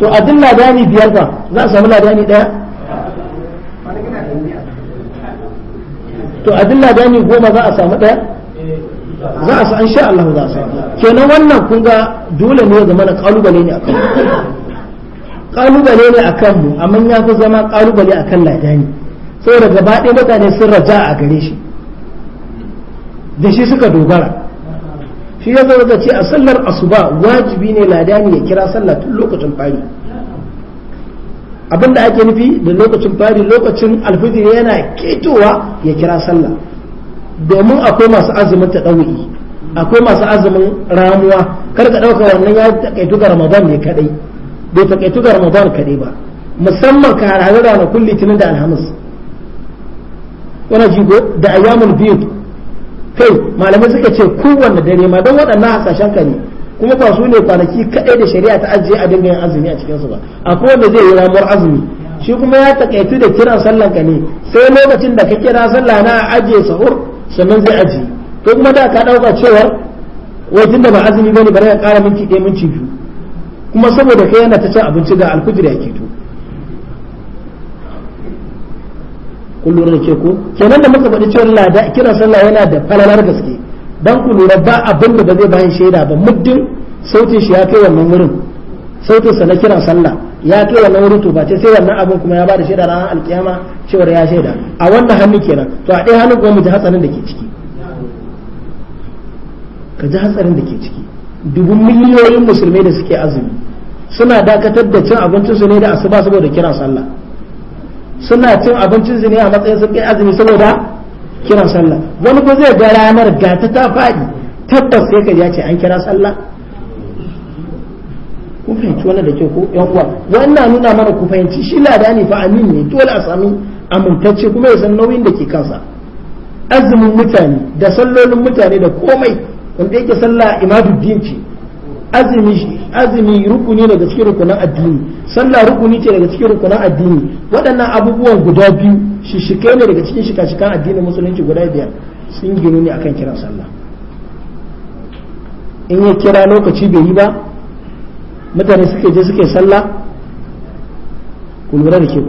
to a duk ladani biyar ba za a samu ladani daya to a duk ladani goma za a samu daya za a san sha Allah za a samu kenan wannan kun ga dole ne ya zama na kalubale ne akan kalubale ne akan mu amma ya fi zama kalubale akan ladani saboda gaba ɗaya mutane sun raja a gare shi da shi suka dogara shi ya zama da ce a sallar asuba wajibi ne ladani ya kira sallah tun lokacin fari abinda ake nufi da lokacin fari lokacin alfijir yana ketowa ya kira sallah domin akwai masu azumin ta ɗauki akwai masu azumin ramuwa kar ka ɗauka wannan ya taƙaitu ga ramadan ne kaɗai bai taƙaitu ga ramadan kaɗai ba musamman ka harare ranakun litinin da alhamis wani jigo da ayyamul biyu kai malamai suka ce kowanne dare ma don waɗannan hasashen ka ne kuma ba su ne kwanaki kaɗai da shari'a ta ajiye a dinga yin azumi a cikinsu ba a kowanne zai yi ramuwar azumi shi kuma ya taƙaitu da kiran sallan ka ne sai lokacin da ka kira sallah na ajiye sahur sannan zai ajiye ko kuma da ka ɗauka cewar wajen da ba azumi ba ne bari ka ƙara minti ɗaya minti biyu kuma saboda kai yana ta cin abinci ga alkujira ya ke to kun lura da ke ko kenan da muka faɗi cewa lada kira sallah yana da falalar gaske dan ku lura ba abin da ba zai bayan shaida ba muddin sautin shi ya kai wannan wurin sautin sa na kira sallah ya kai wannan wurin to ba sai wannan abin kuma ya bada shaida ranar alkiyama cewa ya shaida a wannan hannu kenan to a ɗaya hannun kuma mu ji hatsarin da ke ciki ka ji hatsarin da ke ciki dubun miliyoyin musulmai da suke azumi suna dakatar da cin abincinsu ne da asuba saboda kiran sallah suna cin abincin zini a matsayin sun kai azumi saboda kiran sallah wani ko zai ga ranar gata ta faɗi tabbas sai ka ya ce an kira sallah ku fahimci wannan da ke ko yan uwa wannan nuna mana ku fahimci shi ladani fa amin ne dole a sami amintacce kuma ya san nauyin da ke kansa azumin mutane da sallolin mutane da komai wanda yake sallah imaduddin ce azumi azumi rukuni daga cikin rukunan addini sallah rukuni ce daga cikin rukunan addini waɗannan abubuwan guda biyu shishike ne daga cikin shika-shikan addinin musulunci guda biyar sun ginu ne akan kiran sallah in ya kira lokaci bai yi ba mutane suke je suke sallah ku lura da kyau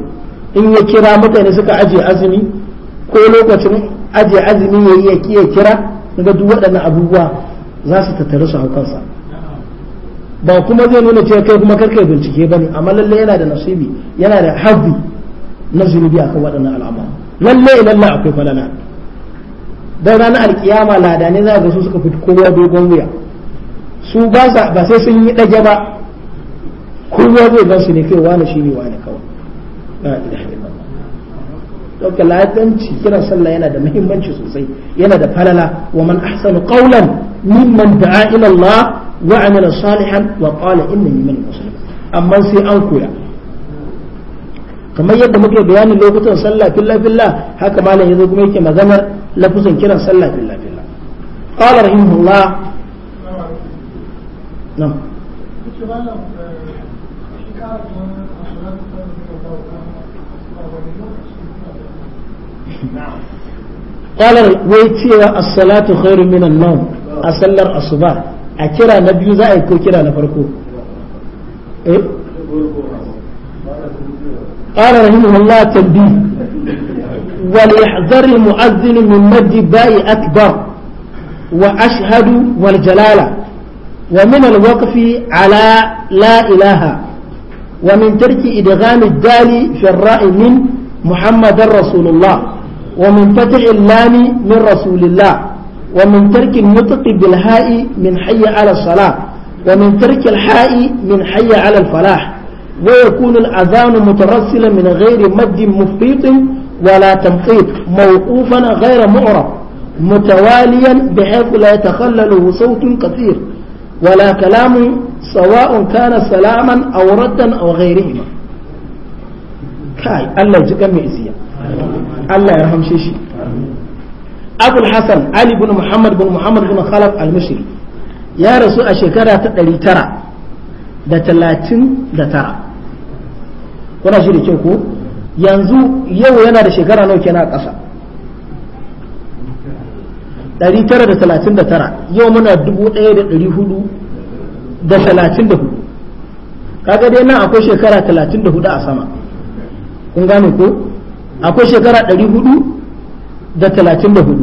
in ya kira mutane suka ajiye azumi ko lokacin ajiye azumi ya yi ya kira daga duk waɗannan abubuwa za su tattare su hau kansa ba kuma zai nuna cewa kai kuma karka bincike ne amma lalle yana da nasibi yana da habbi na zunubi akan waɗannan al'amura lalle lalle akwai falala dan ranar alkiyama ladane za ga su suka fito kowa dogon wuya su ba sa ba sai sun yi ɗage ba kowa zai gan su ne kai wani ne wani kawai ɗauke ilaha illallah ladanci kiran sallah yana da muhimmanci sosai yana da falala wa man ahsanu qawlan mimman da'a ila Allah wa amila salihan wa qala innani min muslimin amma sai an koya kamar yadda muke bayanin lokutan sallah filla filla haka malam yazo kuma yake maganar lafuzin kiran sallah filla filla qala rahimahullah na'am قال ويتي الصلاة خير من النوم أسلر الصباح a kira na biyu za a yi ko kira na farko eh قال رحمه الله تنبيه وليحذر المؤذن من مد باء أكبر وأشهد والجلالة ومن الوقف على لا إله ومن ترك إدغام الدال في الراء من محمد رسول الله ومن فتح اللام من رسول الله ومن ترك النطق بالهاء من حي على الصلاة ومن ترك الحاء من حي على الفلاح ويكون الأذان مترسلا من غير مد مفيط ولا تمقيط موقوفا غير معرب متواليا بحيث لا يتخلله صوت كثير ولا كلام سواء كان سلاما أو ردا أو غيرهما كاي الله يجزيك ميزيا الله يرحم شيشي abu Hassan, ali bin muhammad bin muhammad bin khalaf al-misri ya rasu a shekara ta ɗari tara da talatin da tara kuna shi da kyau ko yanzu yau yana da shekara nawa kenan a ƙasa ɗari tara da talatin da tara yau muna dubu ɗaya da ɗari hudu da talatin da hudu kaga dai nan akwai shekara talatin da hudu a sama kun gane ko akwai shekara ɗari hudu da talatin da hudu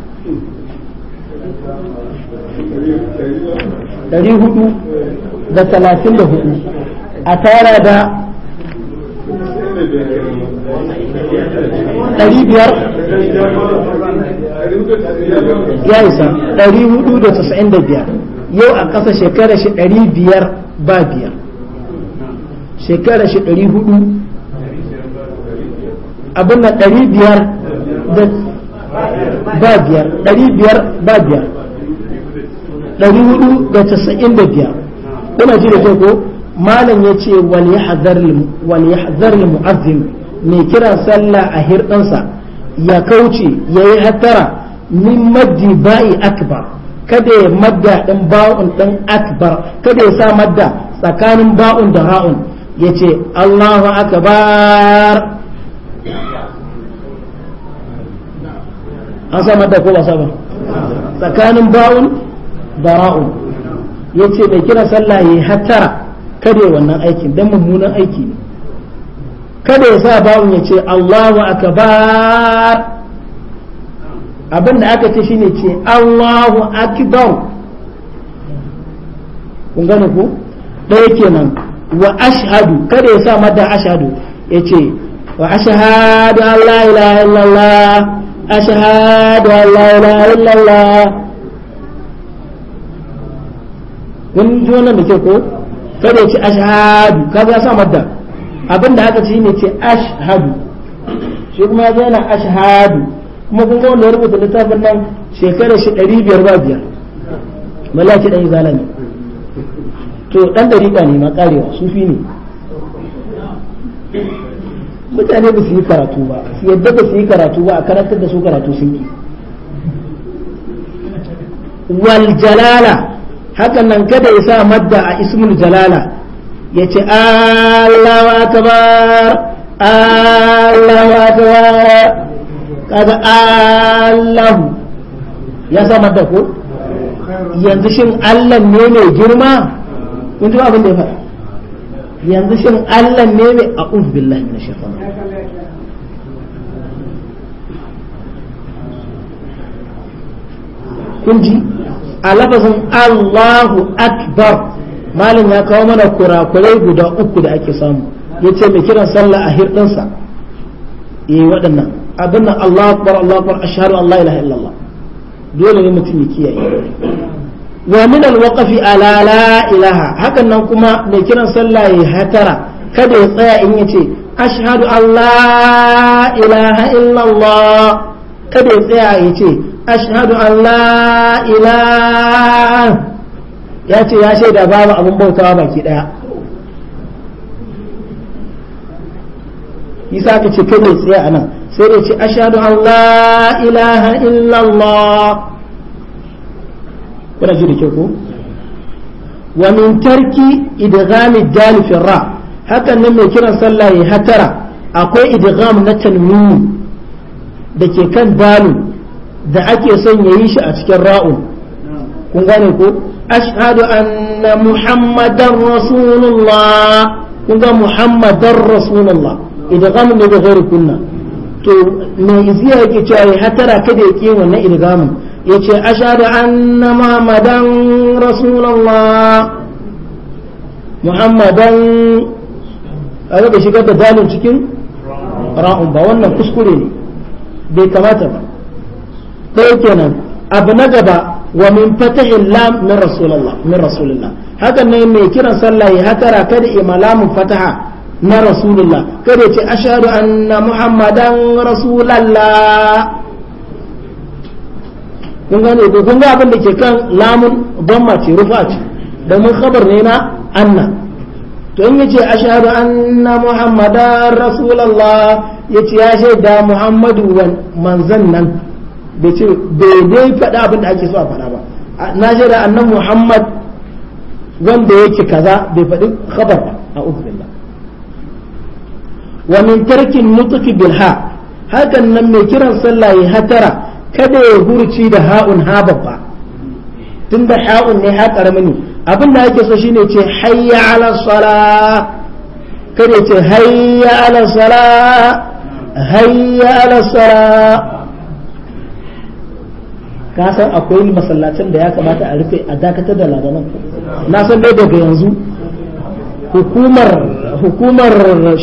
ɗari hudu da talatin da hudu a tara da ɗari biyar ya isa ɗari hudu da tasa'in da biyar yau a ƙasa shekara shi ɗari biyar ba biyar shekara shi ɗari hudu abin da ɗari biyar da ba biyar ɗari biyar ba biyar ɗari hudu da tasa'in da biyar kuna ji da ke ko malam ya ce wani hazar mu'azzin mai kira sallah a hirɗansa ya kauce ya yi hattara min maddi ba'i akbar kada ya madda ɗin ba'un ɗin akbar kada ya sa madda tsakanin ba'un da ra'un ya ce allahu akbar an samar da ko ba sa ba tsakanin ba'un da ra'un ya ce mai kira sallah ya hattara kada wannan aikin don mummunan aiki ne kada ya sa ba'un ya ce Allahu akbar abinda aka ce shine ce Allahu akbar kun gane ku ɗaya kenan wa ashadu kada ya sa mata ashadu ya ce wa ashadu allah ilaha illallah أشهد أن لا إله إلا الله kun ji wannan da ke ko kada ya ce ashhadu kaga ya sa madda abin da aka ce ne ce ashadu shi kuma ya yana ashadu kuma kun ga wanda ya rubuta littafin nan shekara shi ɗari biyar ba biyar mallaki ɗan izala ne to ɗan dariƙa ne ma ƙarewa sufi ne mutane ba su yi karatu ba yadda ba su yi karatu ba a karantar da su karatu sun yi wal jalala hakan nan kada ya sa madda a ismul jalala ya ce Allahu akbar Allahu akbar kaga Allahu ya sa madda ko yanzu shin Allah ne mai girma kun ji abin da ya faɗa yanzu shin Allah ne ne a billahi na shaitan kun a lafazin Allahu akbar malam ya kawo mana kurakurai guda uku da ake samu ya ce mai kiran sallah a hirɗinsa yi waɗannan abin nan Allah akbar Allah akbar ashhadu an la ilaha illallah dole ne mutum ya kiyaye wa min alwaqafi ala la ilaha hakan nan kuma mai kiran sallah ya hatara kada ya tsaya in yace ashhadu alla ilaha ilaha illallah kada ya tsaya ya ce ashhadu alla la ilaha ya ce ya shaida babu abun bautawa baki daya isa ka ce kada ya tsaya anan sai da ce ashhadu alla ilaha ilaha illallah kuna ji da kyau ko wa min tarki idghami dal fi ra hakan nan mai kiran sallah ya hatara akwai idgham na tanwini da ke kan dalu da ake son yayi shi a cikin ra'un kun gane ko ashhadu anna muhammadan rasulullah kun ga muhammadan rasulullah idgham ne da ghairi kunna to mai iziya yake cewa ya hatara kada ya kiyin wannan idgamin yace ashhadu anna muhammadan rasulullah muhammadan a ga shigar da dalin cikin ra'un ba wannan kuskure ne bai kamata ba ɗaya kenan abu na gaba wa min fatahin lam min rasulullah min rasulullah hakan ne mai kiran sallah ya hatara kada imalamin fataha na rasulullah kada ce ashhadu anna muhammadan rasulullah kun gane ko kun ga abin da ke kan lamun bamma ce rufa ce khabar ne na anna to in yace ashhadu anna muhammadan rasulullah yace ya shaida muhammadu manzan nan da ce bai faɗa abin da ake so a faɗa ba na da annan muhammad wanda yake kaza bai faɗi khabar ba a ubillah wa min tarkin nutqi bilha hakan nan mai kiran sallah ya hatara kada ya hurci da ha'un ha babba tun da ha'un ne ha karamini abin da ake so shine ce hayya ala sala kada ce hayya ala sala hayya ala sala ka san akwai masallacin da ya kamata a rufe a dakatar da ladanan na san dai daga yanzu hukumar hukumar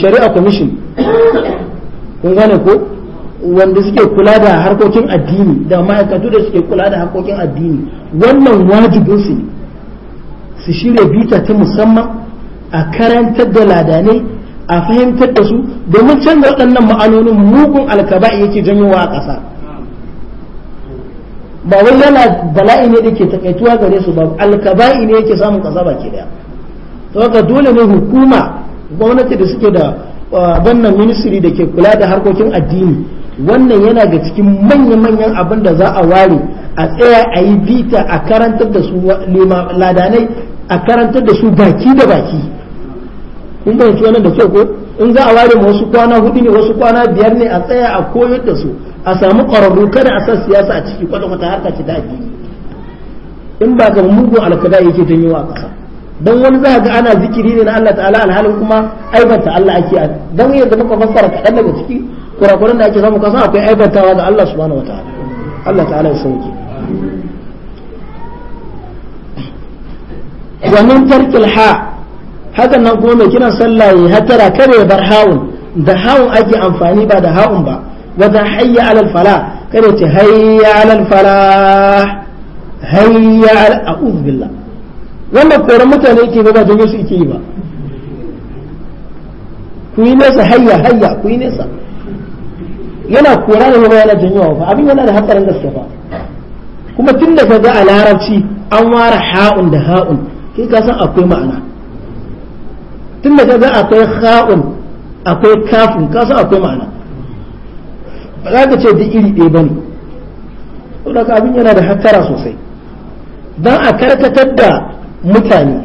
shari'a commission kun gane ko wanda suke kula da harkokin addini da ma'aikatu da suke kula da harkokin addini wannan wajibin su su shirya bita ta musamman a karantar da ladanai a fahimtar da su domin canza waɗannan ma'anonin mugun alkaba yake janyowa a ƙasa ba wai yana bala'i ne da ke takaituwa gare su ba alkaba'i ne yake samun ƙasa ba ke daya dole ne hukuma gwamnati da suke da wannan uh, ministry da ke kula da harkokin addini wannan yana ga cikin manya-manyan abin da za a ware a tsaya a yi bita a karantar da su ladanai a karantar da su baki da baki kun fahimci wannan da kyau ko in za a ware wasu kwana hudu ne wasu kwana biyar ne a tsaya a koyar da su a samu ƙwararru kada a san siyasa a ciki kwata-kwata harka ce daɗi in ba ga mugun alkada yake yi wa ƙasa don wani za ga ana zikiri ne na Allah ta'ala alhalin kuma aibanta Allah ake a dan yadda muka fassara kaɗan daga ciki kurakuran da ake samu kasan akwai aibantawa ga Allah subhanahu wataala Allah ta'ala ya sauke wa min tarkil ha hakan nan kuma mai kiran sallah ya hatara kare bar hawun da hawun ake amfani ba da hawun ba wajen hayya alal fala kare ce hayya alal fala hayya al a'udhu billah wanda koran mutane yake ba ba don su yake yi ba ku yi nesa hayya hayya ku yi nesa yana kora da yana janyowa fa abin yana da hatsarin gaske ba kuma tun da kaga a larabci an ware ha'un da ha'un kai ka san akwai ma'ana tun da kaga akwai ha'un akwai kafin ka san akwai ma'ana ba za ka ce duk iri ɗaya ba ne saboda abin yana da hatsara sosai don a karkatar da mutane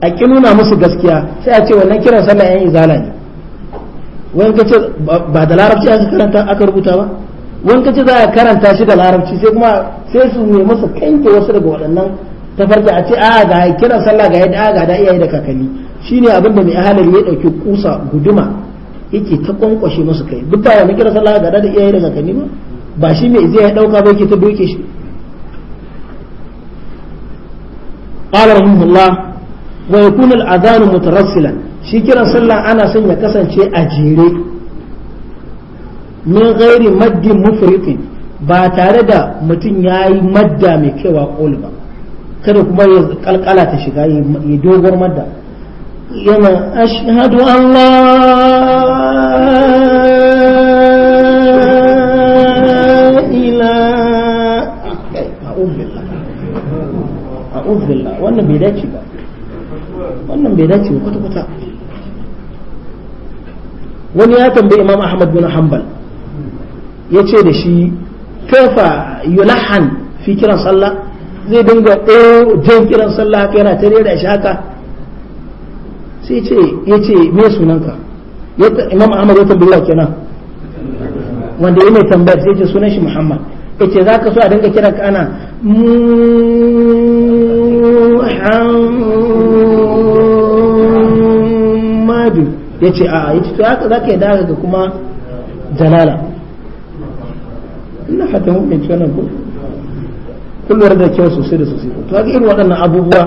a ƙi nuna musu gaskiya sai a ce wannan kiran sallah yan izala ne wani ka ce ba da larabci aka karanta aka rubuta ba wani ka ce za a karanta shi da larabci sai kuma sai su ne masa kanke wasu daga waɗannan tafarki a ce a ga kiran sallah ga yadda ga da iyaye da kakanni shine abin da mai ahalar ya dauki kusa guduma yake ta kwankwashe masu kai duk ba wani kiran sallah ga da iyaye da kakanni ba ba shi mai zai ya dauka ba yake ta doke shi qala rahimahullah wa yakun al mutarassilan shi kiran sallah ana son ya kasance a jere min ghairi maddi mufritin ba tare da mutum ya yi madda mai kaiwa ƙoli ba kada kuma ya kalkala ta shiga ya dogon madda yana ashhadu Allah bai dace wannan bai dace kwata kwata wani ya tambayi imam ahmad bin hanbal ya ce da shi kafa yulahan fi kiran sallah zai dinga ɗaya jan kiran sallah haka yana tare da shi haka sai ce ya ce me sunanka imam ahmad ya tambayi kenan wanda ya mai tambayar sai ce sunan shi muhammad ya ce za ka so a dinga kiran kana ana muhammad isnadin ya ce a yace to haka zaka yi daga kuma jalala ina hatta mun bincike nan ko kullum da kyau sosai da sosai to haka irin waɗannan abubuwa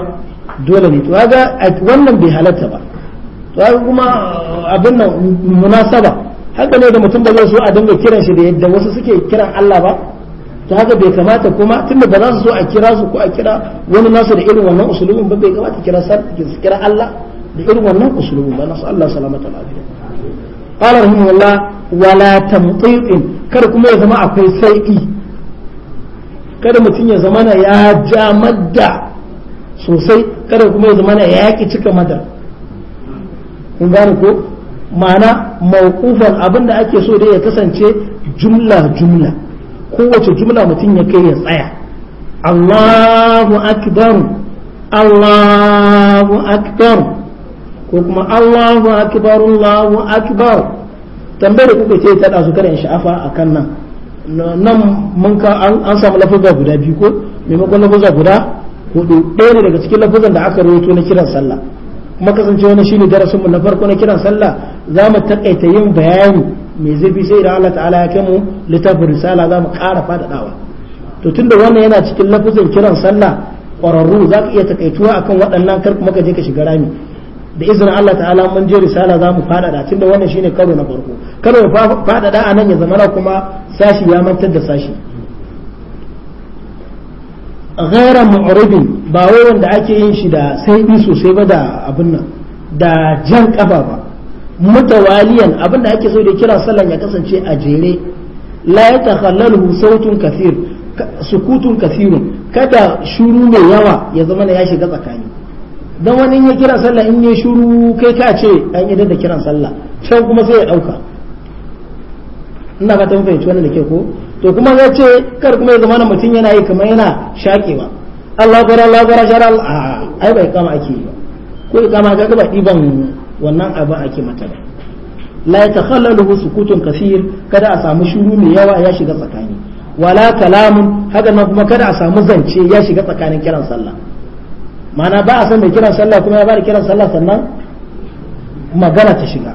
dole ne to haka wannan bai halatta ba to haka kuma abin nan munasaba haka ne da mutum ba zai so a dinga kiran shi da yadda wasu suke kiran Allah ba to haka bai kamata kuma tun da ba za su so a kira su ko a kira wani nasu da irin wannan usulubin ba bai kamata kira sar kira Allah da irin wannan usulubin ba nasu Allah salamata lafiya qala rahimahullah wala tamtiqin kada kuma ya zama akwai sai'i kada mutum ya zamana ya ja madda sosai kada kuma ya zamana ya yaki cika madda kun gane ko ma'ana mawqufan abinda ake so dai ya kasance jumla jumla kowace jumla mutum ya kai ya tsaya Allahu akbar Allahu akbar ko kuma Allahu akbar Allahu akbar tambayar kuka ce ta da su kada in sha'afa akan nan nan mun ka an samu lafuzza guda biyu ko maimakon lafuzza guda hudu ɗaya ne daga cikin lafuzan da aka rawaito na kiran sallah kuma kasancewa na shine darasin mu na farko na kiran sallah za mu takaita yin bayani mai zurfi sai idan Allah ta'ala ya kai mu littafin risala za mu ƙara faɗaɗawa to tunda wannan yana cikin lafazan kiran sallah ƙwararru za ka iya takaituwa akan waɗannan kar kuma ka je ka shiga rami da izinin Allah ta'ala mun je risala za mu fadada tunda wannan shine karo na farko karo ya fadada a nan ya zamana kuma sashi ya mantar da sashi ghaira mu'ribin ba wai wanda ake yin shi da sai bi sosai ba da abin nan da jan ƙafa ba mutawaliyan abin da ake so da kira sallan ya kasance a jere la yatakhallalu sautun kathir sukutun kathirun kada shuru mai yawa ya zama ya shiga tsakani dan wani ya kira sallah in ya shiru kai ka ce an idan da kiran sallah can kuma sai ya dauka ina ka tan fahimci wannan da ke ko to kuma ya ce kar kuma ya zama na mutum yana yi kamar yana shakewa Allah gwara Allah gwara jaral a ai bai kama ake yi ba ko ya kama ga ba diban wannan abu ake mata da. la yatakhallalu sukutun kaseer kada a samu shiru mai yawa ya shiga tsakani wala kalamun haka nan kuma kada a samu zance ya shiga tsakanin kiran sallah ma'ana ba a san mai kiran sallah kuma ya ba da kiran sallah sannan magana ta shiga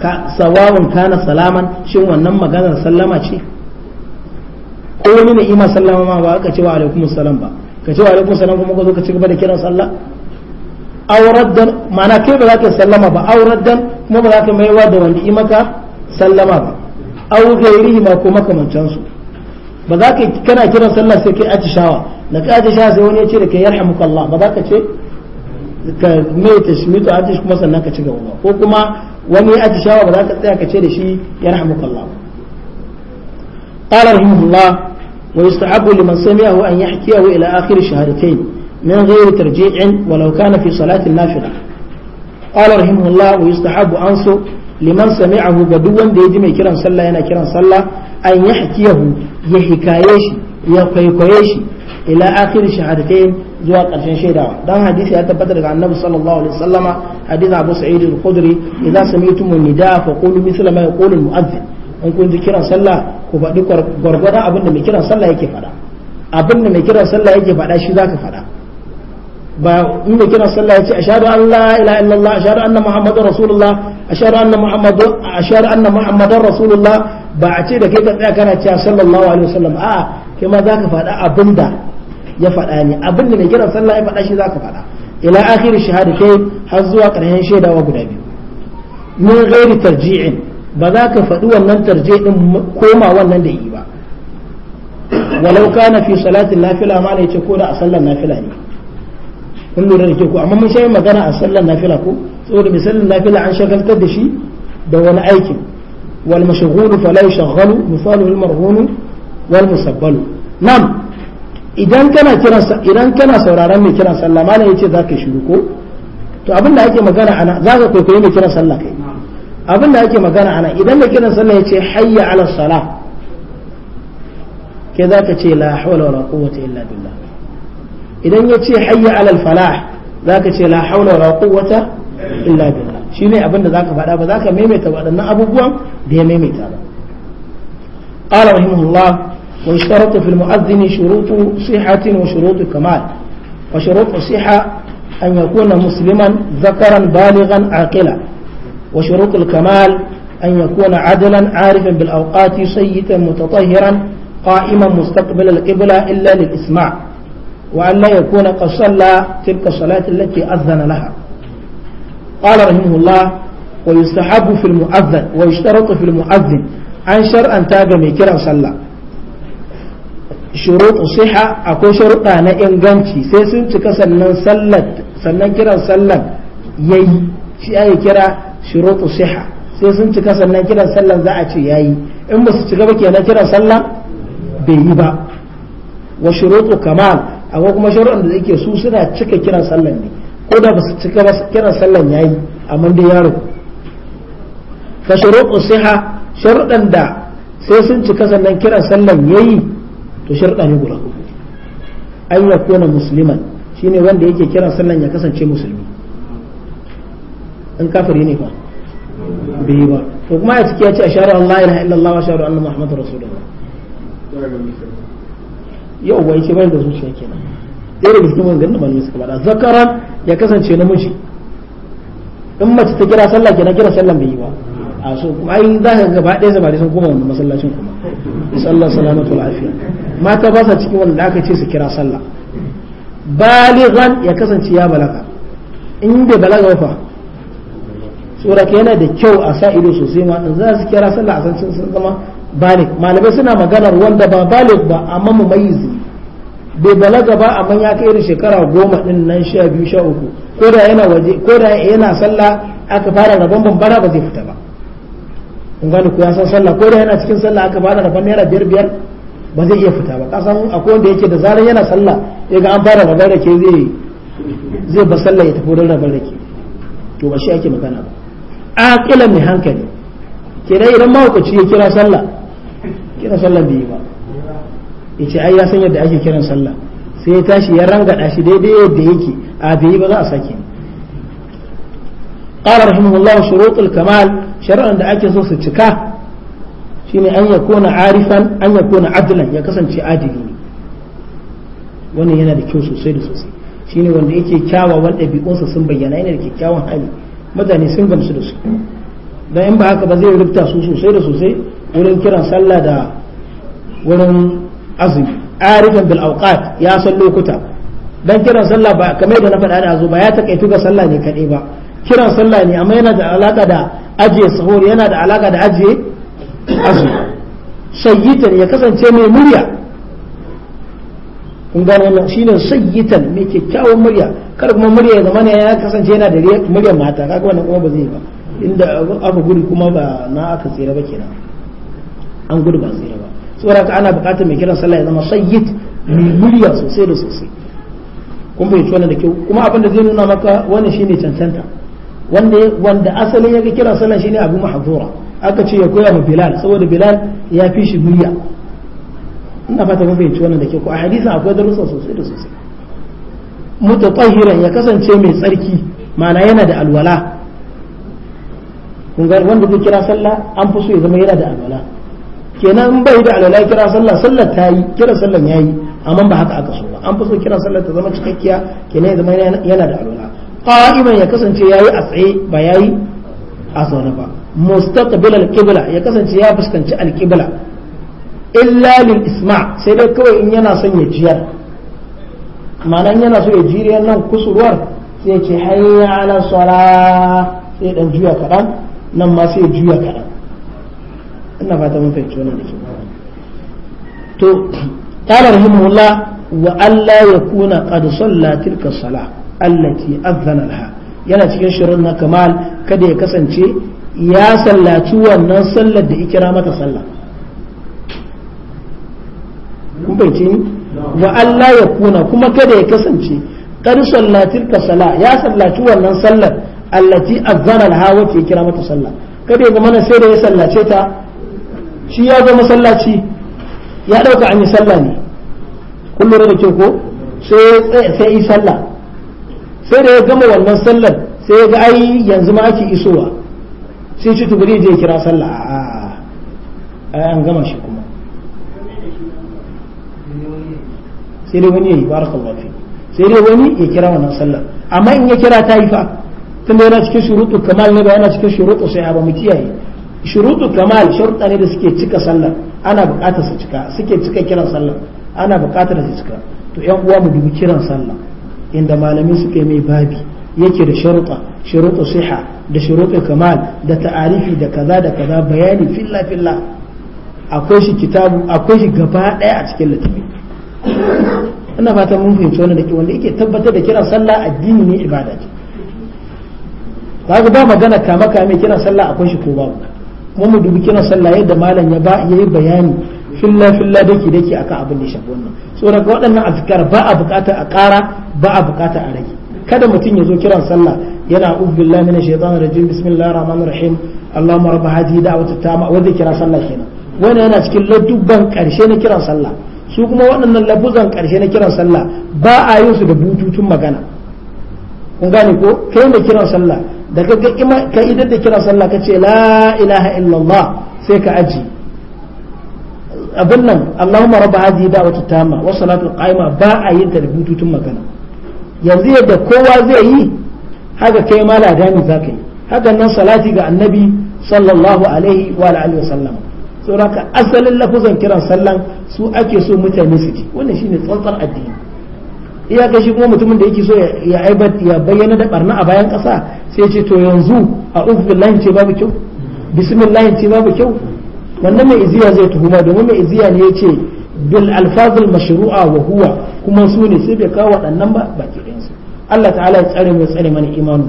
ka sawawun kana salaman shin wannan maganar sallama ce ko wani mai ima sallama ma ba ka cewa alaikum salam ba ka ce wa alaikum salam kuma ka zo ka ci gaba da kiran sallah auraddan ma'ana kai ba za ka sallama ba auraddan kuma ba za ka maiwa da wanda imaka sallama ba au gairihi ma ko makamancansu ba za ka kana kiran sallah sai kai atishawa da ka aje sha sai wani ya ce da kai yarhamukallah ba za ka ce ka mai tashmitu aji kuma sannan ka ci gaba ba ko kuma wani ya aji ba za ka tsaya ka ce da shi yarhamukallah qala rahimahullah ويستحب لمن سمعه أن يحكيه إلى آخر شهادتين من غير ترجيع ولو كان في صلاة النافلة قال رحمه الله ويستحب أنسو لمن سمعه غدوا ديدي مي كيران صلى ينا كيران صلى أن يحكيه يحكايش يقيقيش ila akhir shahadatain zuwa karshen shaidawa dan hadisi ya tabbatar da annabi sallallahu alaihi wasallama hadisi abu sa'id al-khudri idza sami'tum nidaa fa qulu mithla ma yaqulu al-mu'adhdhin in kun kiran sallah ku faɗi gwargwadon abin mai kiran sallah yake faɗa abin mai kiran sallah faɗa shi zaka faɗa ba in kiran sallah yace ashhadu an la ilaha illallah ashhadu anna muhammadar rasulullah ashhadu anna muhammadar ashhadu anna muhammadar rasulullah ba a ce da kai ka tsaya kana cewa sallallahu alaihi wasallam a'a kai ma ka faɗa abinda ya faɗa ne abinda mai kiran sallah ya faɗa shi ka faɗa ila akhir shahadatai har zuwa ƙarshen shaidawa guda biyu min ghairi tarji'in ba za ka faɗi wannan tarje din koma wannan da yi ba walau kana fi salatin nafila ma ne ce ko da a sallar nafila ne kun lura da ke ko amma mun shayi magana a sallar nafila ko saboda mai sallar nafila an shagaltar da shi da wani aikin wal mashghulu fala yushaghalu misaluhu al marhunu wal musabbalu nam idan kana kiran idan kana sauraron mai kiran sallah malam yace zaka shiru ko to abin da ake magana ana zaka kwaikwayi mai kiran sallah kai abin da ake magana ana idan mai kiran sallah yace hayya ala salah ke zaka ce la hawla wala quwwata illa billah idan yace hayya ala al falah zaka ce la hawla wala quwwata illa billah shine abin da zaka faɗa ba zaka maimaita waɗannan abubuwan da ya maimaita ba قال رحمه الله ويشترط في المؤذن شروط صحة وشروط كمال وشروط الصحة أن يكون مسلما ذكرا بالغا عاقلا وشروط الكمال أن يكون عدلا عارفا بالأوقات سيدا متطهرا قائما مستقبل القبلة إلا للإسماع وأن لا يكون قد صلى تلك الصلاة التي أذن لها قال رحمه الله ويستحب في المؤذن ويشترط في المؤذن أن تاب ميكرا صلى shuruɗu siha akwai shuruɗa na inganci sai sun cika sannan sallat sannan kiran sallan yayi shi ake kira shuruɗu siha sai sun cika sannan kiran sallan za a ce yayi in ba su cika ba kenan kiran sallan bai yi ba wa shuruɗu kamal akwai kuma sharuɗan da yake su suna cika kiran sallan ne ko da ba su cika ba kiran sallan yayi amma dai yaro fa shuruɗu siha sharuɗan da sai sun cika sannan kiran sallan yayi to sharɗa ne guda uku an ya kona musliman shine wanda yake kiran sallan ya kasance musulmi in kafiri ne fa bai ba to kuma a ciki ya ce a shahara Allah ilaha illallah wa shahara Allah Muhammadu Rasulullah yau wai ce bai da zuciya kenan ɗaya daga cikin wani ganin malamai suka faɗa zakaran ya kasance namiji in mace ta kira sallah kenan kira sallan bai yi ba a so kuma ai za ka gaba ɗaya zaba da sun koma wannan masallacin kuma sallar salamatu lafiya mata ba sa cikin wanda aka ce su kira sallah balighan ya kasance ya balaga in bai balaga fa tsoraka yana da kyau a sa ido sosai ma in za su kira sallah a san sun zama balig malamai suna maganar wanda ba balig ba amma mu yi bai balaga ba amma ya kai da shekara goma din nan sha biyu sha uku ko da yana waje ko da yana sallah aka fara rabon bambara ba zai fita ba kun gane ku ya san sallah ko da yana cikin sallah aka fara rabon naira biyar biyar ba zai iya fita ba kasan akwai wanda yake da zarar yana sallah ya ga an fara rabar rake zai zai ba sallah ya tafi wurin rabar rake to ba shi ake magana ba a kila mai hankali kenan idan mahaukaci ya kira sallah kira sallah bai yi ba ya ce ai ya san yadda ake kiran sallah sai ya tashi ya rangada shi daidai yadda yake a bai yi ba za a sake قال رحمه الله شروط الكمال شرعا da ake so su cika shine an ya kona arifan an ya kona adilan ya kasance adili ne wannan yana da kyau sosai da sosai shine wanda yake kyawa kyawawan ɗabi'unsa sun bayyana yana da kyakkyawan hali mutane sun gamsu da su dan in ba haka ba zai rubuta su sosai da sosai wurin kiran sallah da wurin azumi arifan bil awqat ya san lokuta dan kiran sallah ba kamar da na faɗa da azu ba ya takaitu ga sallah ne kaɗai ba kiran sallah ne amma yana da alaka da ajiye sahur yana da alaka da ajiye azumi sayyitan ya kasance mai murya kun gano wannan shine sayyitan mai kyakkyawan murya kar kuma murya zama ne ya kasance yana da murya mata kaga wannan kuma ba zai ba inda aka gudu kuma ba na aka tsira ba kenan an gudu ba tsira ba saboda ana buƙatar mai kiran sallah ya zama sayyid mai murya sosai da sosai kun bai wannan da kyau kuma abin da zai nuna maka wannan shine cancanta wanda wanda asalin ya ga kiran sallah shine abu mahdura aka ce ya koya ma bilal saboda bilal ya fi shi duniya ina fata ba fahimci wannan da ke ko a hadisin akwai darussa sosai da sosai mutatahiran ya kasance mai tsarki ma'ana yana da alwala kun ga wanda zai kira sallah an fi so ya zama yana da alwala kenan in bai da alwala kira sallah sallar ta yi kira sallan yi amma ba haka aka so ba an fi so kira sallar ta zama cikakkiya kenan ya zama yana da alwala qa'iman ya kasance yayi a tsaye ba yayi a zaune ba mustaqbil al ya kasance ya fuskanci al-qibla isma sai dai kawai in yana son ya jiyar manan yana so ya jiriyar nan kusurwar sai ya ce hayya sai dan juya kaɗan nan ma sai juya kaɗan ina fata mun fahimci wannan da ke to qala rahimahullah wa alla yakuna qad salla tilka yana cikin shirin na kamal kada ya kasance ya sallaci wannan sallar da ikira mata sallah kun fahimci ni wa Allah ya kuna kuma kada ya kasance kar sallatil ka sala ya sallaci wannan sallar allati azzana laha wace kira mata sallah kada ya ga mana sai da ya sallace ta shi ya ga masallaci ya dauka an yi sallah ne kun lura da ke ko sai sai yi sallah sai da ya gama wannan sallar sai ya ga ai yanzu ma ake isowa sai ce to bari je kira sallah a a an gama shi kuma sai dai wani ya yi barakallahu fi sai dai wani ya kira wannan sallah amma in ya kira ta yi fa tun da yana cikin shuruɗu kamal ne ba yana cikin shuruɗu sai ba mu kiyaye shuruɗu kamal sharuɗa ne da suke cika sallah ana buƙatar su cika suke cika kiran sallah ana buƙatar su cika to yan uwa mu dubi kiran sallah inda malamai suke mai babi yake da sharuɗa sharuɗa siha da sharuɗa kamal da ta'arifi da kaza da kaza bayani filla filla akwai shi kitabu akwai shi gaba ɗaya a cikin littafi ina fatan mun fahimci wannan dake wanda yake tabbatar da kiran sallah addini ne ibada ce kaga ba magana kama kame kiran sallah akwai shi ko babu mu mu dubi kiran sallah yadda malam ya ba yayi bayani filla filla dake dake akan abin da ya shafi wannan saboda waɗannan azkar ba a bukata a ƙara ba a bukata a rage kada mutum ya zo kiran sallah yana ubbillahi minash shaitanir rajim bismillahir rahmanir rahim allahumma rabb hadhihi da'watu tama wanda kira sallah kenan wanda yana cikin ladubban karshe na kiran sallah su kuma waɗannan labuzan karshe na kiran sallah ba a yin su da bututun magana kun gane ko kai mai kiran sallah da ka ga ka idan da kiran sallah ka ce la ilaha illallah sai ka aji abin nan allahumma rabb hadhihi da'watu tama wa salatu qaima ba a yin ta da bututun magana yanzu yadda kowa zai yi haka kai ma ladani za ka yi hakan nan salati ga annabi sallallahu alaihi wa alihi wasallam asalin lafuzan kiran sallan su ake so mutane su ji wannan shine tsantsar addini iya shi kuma mutumin da yake so ya ya bayyana da barna a bayan ƙasa sai ce to yanzu a layin ce babu kyau bismillah ce babu kyau wannan mai iziya zai tuhuma domin mai iziya ne ya ce bil alfazul mashru'a wa huwa kuma su ne sai bai kawo waɗannan ba baki ɗayansu Allah ta'ala ya tsare mu ya tsare mana imanu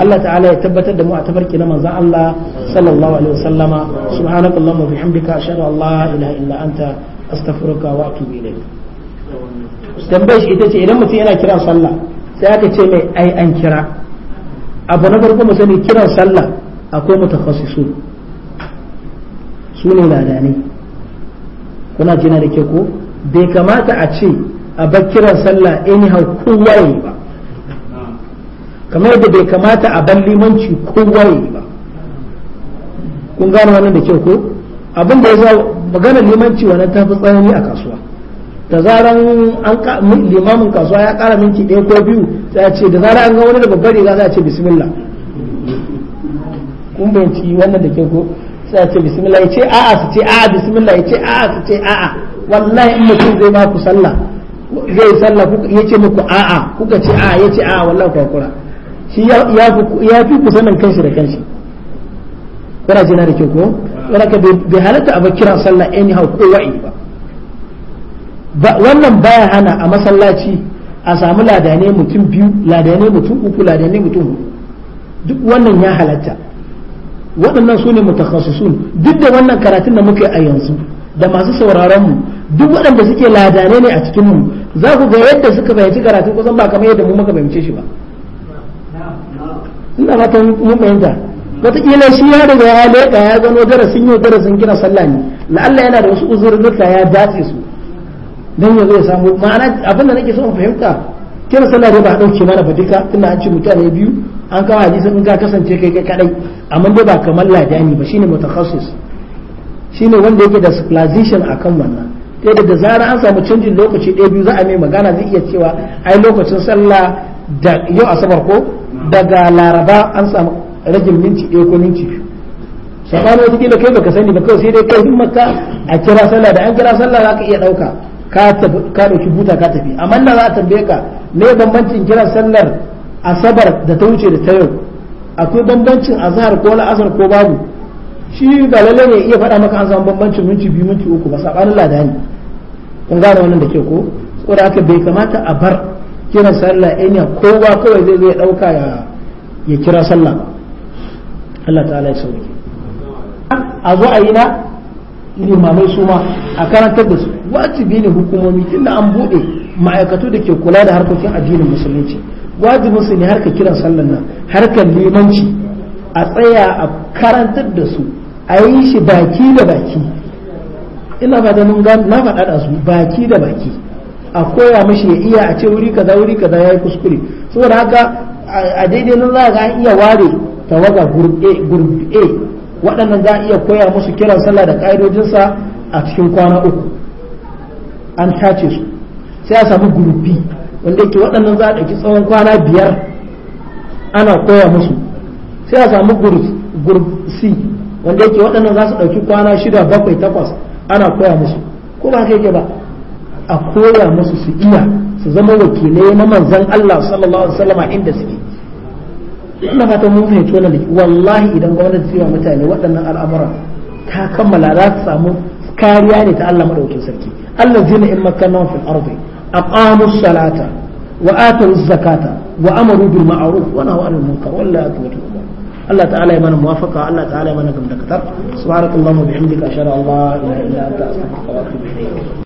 Allah ta'ala ya tabbatar da mu a tabarki na manzon Allah sallallahu alaihi wasallama subhanakallahumma wa bihamdika ashhadu an la ilaha illa anta astaghfiruka wa atubu ilayk tambayar shi ita ce idan mutum yana kiran sallah sai aka ce mai ai an kira abu na farko mu sani kiran sallah akwai mutakhassisu su ne ladanai kuna jina da ke ko bai kamata a ce a bakiran sallah anyhow kowa ya yi ba kamar yadda bai kamata a bar limanci kowa ya yi ba kun gane wannan da kyau ko abin da ya sa maganar limanci wannan ta fi tsanani a kasuwa da zaran an limamin kasuwa ya kara minti ɗaya ko biyu sai a ce da zaran an ga wani da babbar riga sai a ce bismillah kun bayanci wannan da ke ko sai a ce bismillah ya ce a'a su ce a'a bismillah ya ce a'a su ce a'a wallahi in mutum zai ma ku sallah zai sallah ya ce muku a'a kuka ce a'a ya ce a'a wallahi kura shi ya fi ku sanin kanshi da kanshi kana jina da kyau ko kana ka bai halatta a kira sallah anyhow ko wa'i ba wannan baya hana a masallaci a samu ladane mutum biyu ladane mutum uku ladane mutum hudu duk wannan ya halatta waɗannan su ne mutakhasisun duk da wannan karatun da muke a yanzu da masu sauraron mu duk waɗanda suke ladane ne a cikin mu za ku ga yadda suka fahimci karatu kusan ba kamar yadda mu muka fahimce shi ba ina fatan mun fahimta wataƙila shi ya daga ya leƙa ya gano darasin yau darasin kira sallah ne la'alla yana da wasu uzurruka ya datse su dan yanzu ya samu ma'ana abin da nake so in fahimta kira sallah dai ba a ɗauke mana ba duka tunda an ce mutane biyu an kawo hadisin in ka kasance kai kai kadai amma dai ba kamar ladani ba shine mutakhassis shine wanda yake da specialization akan wannan yadda da zara an samu canjin lokaci ɗaya biyu za a mai magana zai iya cewa ai lokacin sallah da yau asabar ko daga laraba an samu rajin minti ɗaya ko minti biyu sabani wata kila kai baka sani ba kawai sai dai kai maka a kira sallah da an kira sallah za ka iya ɗauka ka ɗauki buta ka tafi amma na za a tambaye ka me bambancin kiran sallar asabar da ta wuce da ta yau akwai bambancin azhar ko la'asar ko babu shi ba lalle ne iya faɗa maka an samu bambancin minti biyu minti uku ba saɓanin ladani kun gane wannan da ke ko saboda haka bai kamata a bar kiran sallah ina kowa kawai zai zai ɗauka ya kira sallah Allah ta'ala ya sauke a zo a yi na limamai su ma a karantar da su wajibi ne hukumomi tunda an buɗe ma'aikatu da ke kula da harkokin addinin musulunci wajibin su ne harka kiran sallan nan harkar limanci a tsaya a karantar da su a yi shi baki da baki ina ba da mun ga na faɗa da su baki da baki a koya mashi ya iya a ce wuri kaza wuri kaza yayi kuskure saboda haka a daidai nan za ga an iya ware tawaga gurbe waɗannan za a iya koya musu kiran sallah da ƙa'idojinsa a cikin kwana uku an tace su sai a samu gurbi wanda yake waɗannan za a ɗauki tsawon kwana biyar ana koya musu sai a samu gurbi wanda yake waɗannan za su ɗauki kwana shida bakwai takwas ana koya musu ko ba haka yake ba a koya musu su iya su zama wakilai na manzan Allah sallallahu alaihi wasallama inda suke ina fatan mun fahimci wannan da wallahi idan gwamnati ta yi mutane waɗannan al'amuran ta kammala za ta samu kariya ne ta Allah madaukakin sarki Allah zina in makkannahum fil ardi aqamu salata wa atu zakata wa amaru bil ma'ruf wa nahaw anil munkar wallahi akbar الله تعالى يمن موافقة الله تعالى يمن كم دكتر سبحانك اللهم وبحمدك أشهد أن لا إله إلا أنت أستغفرك وأتوب إليك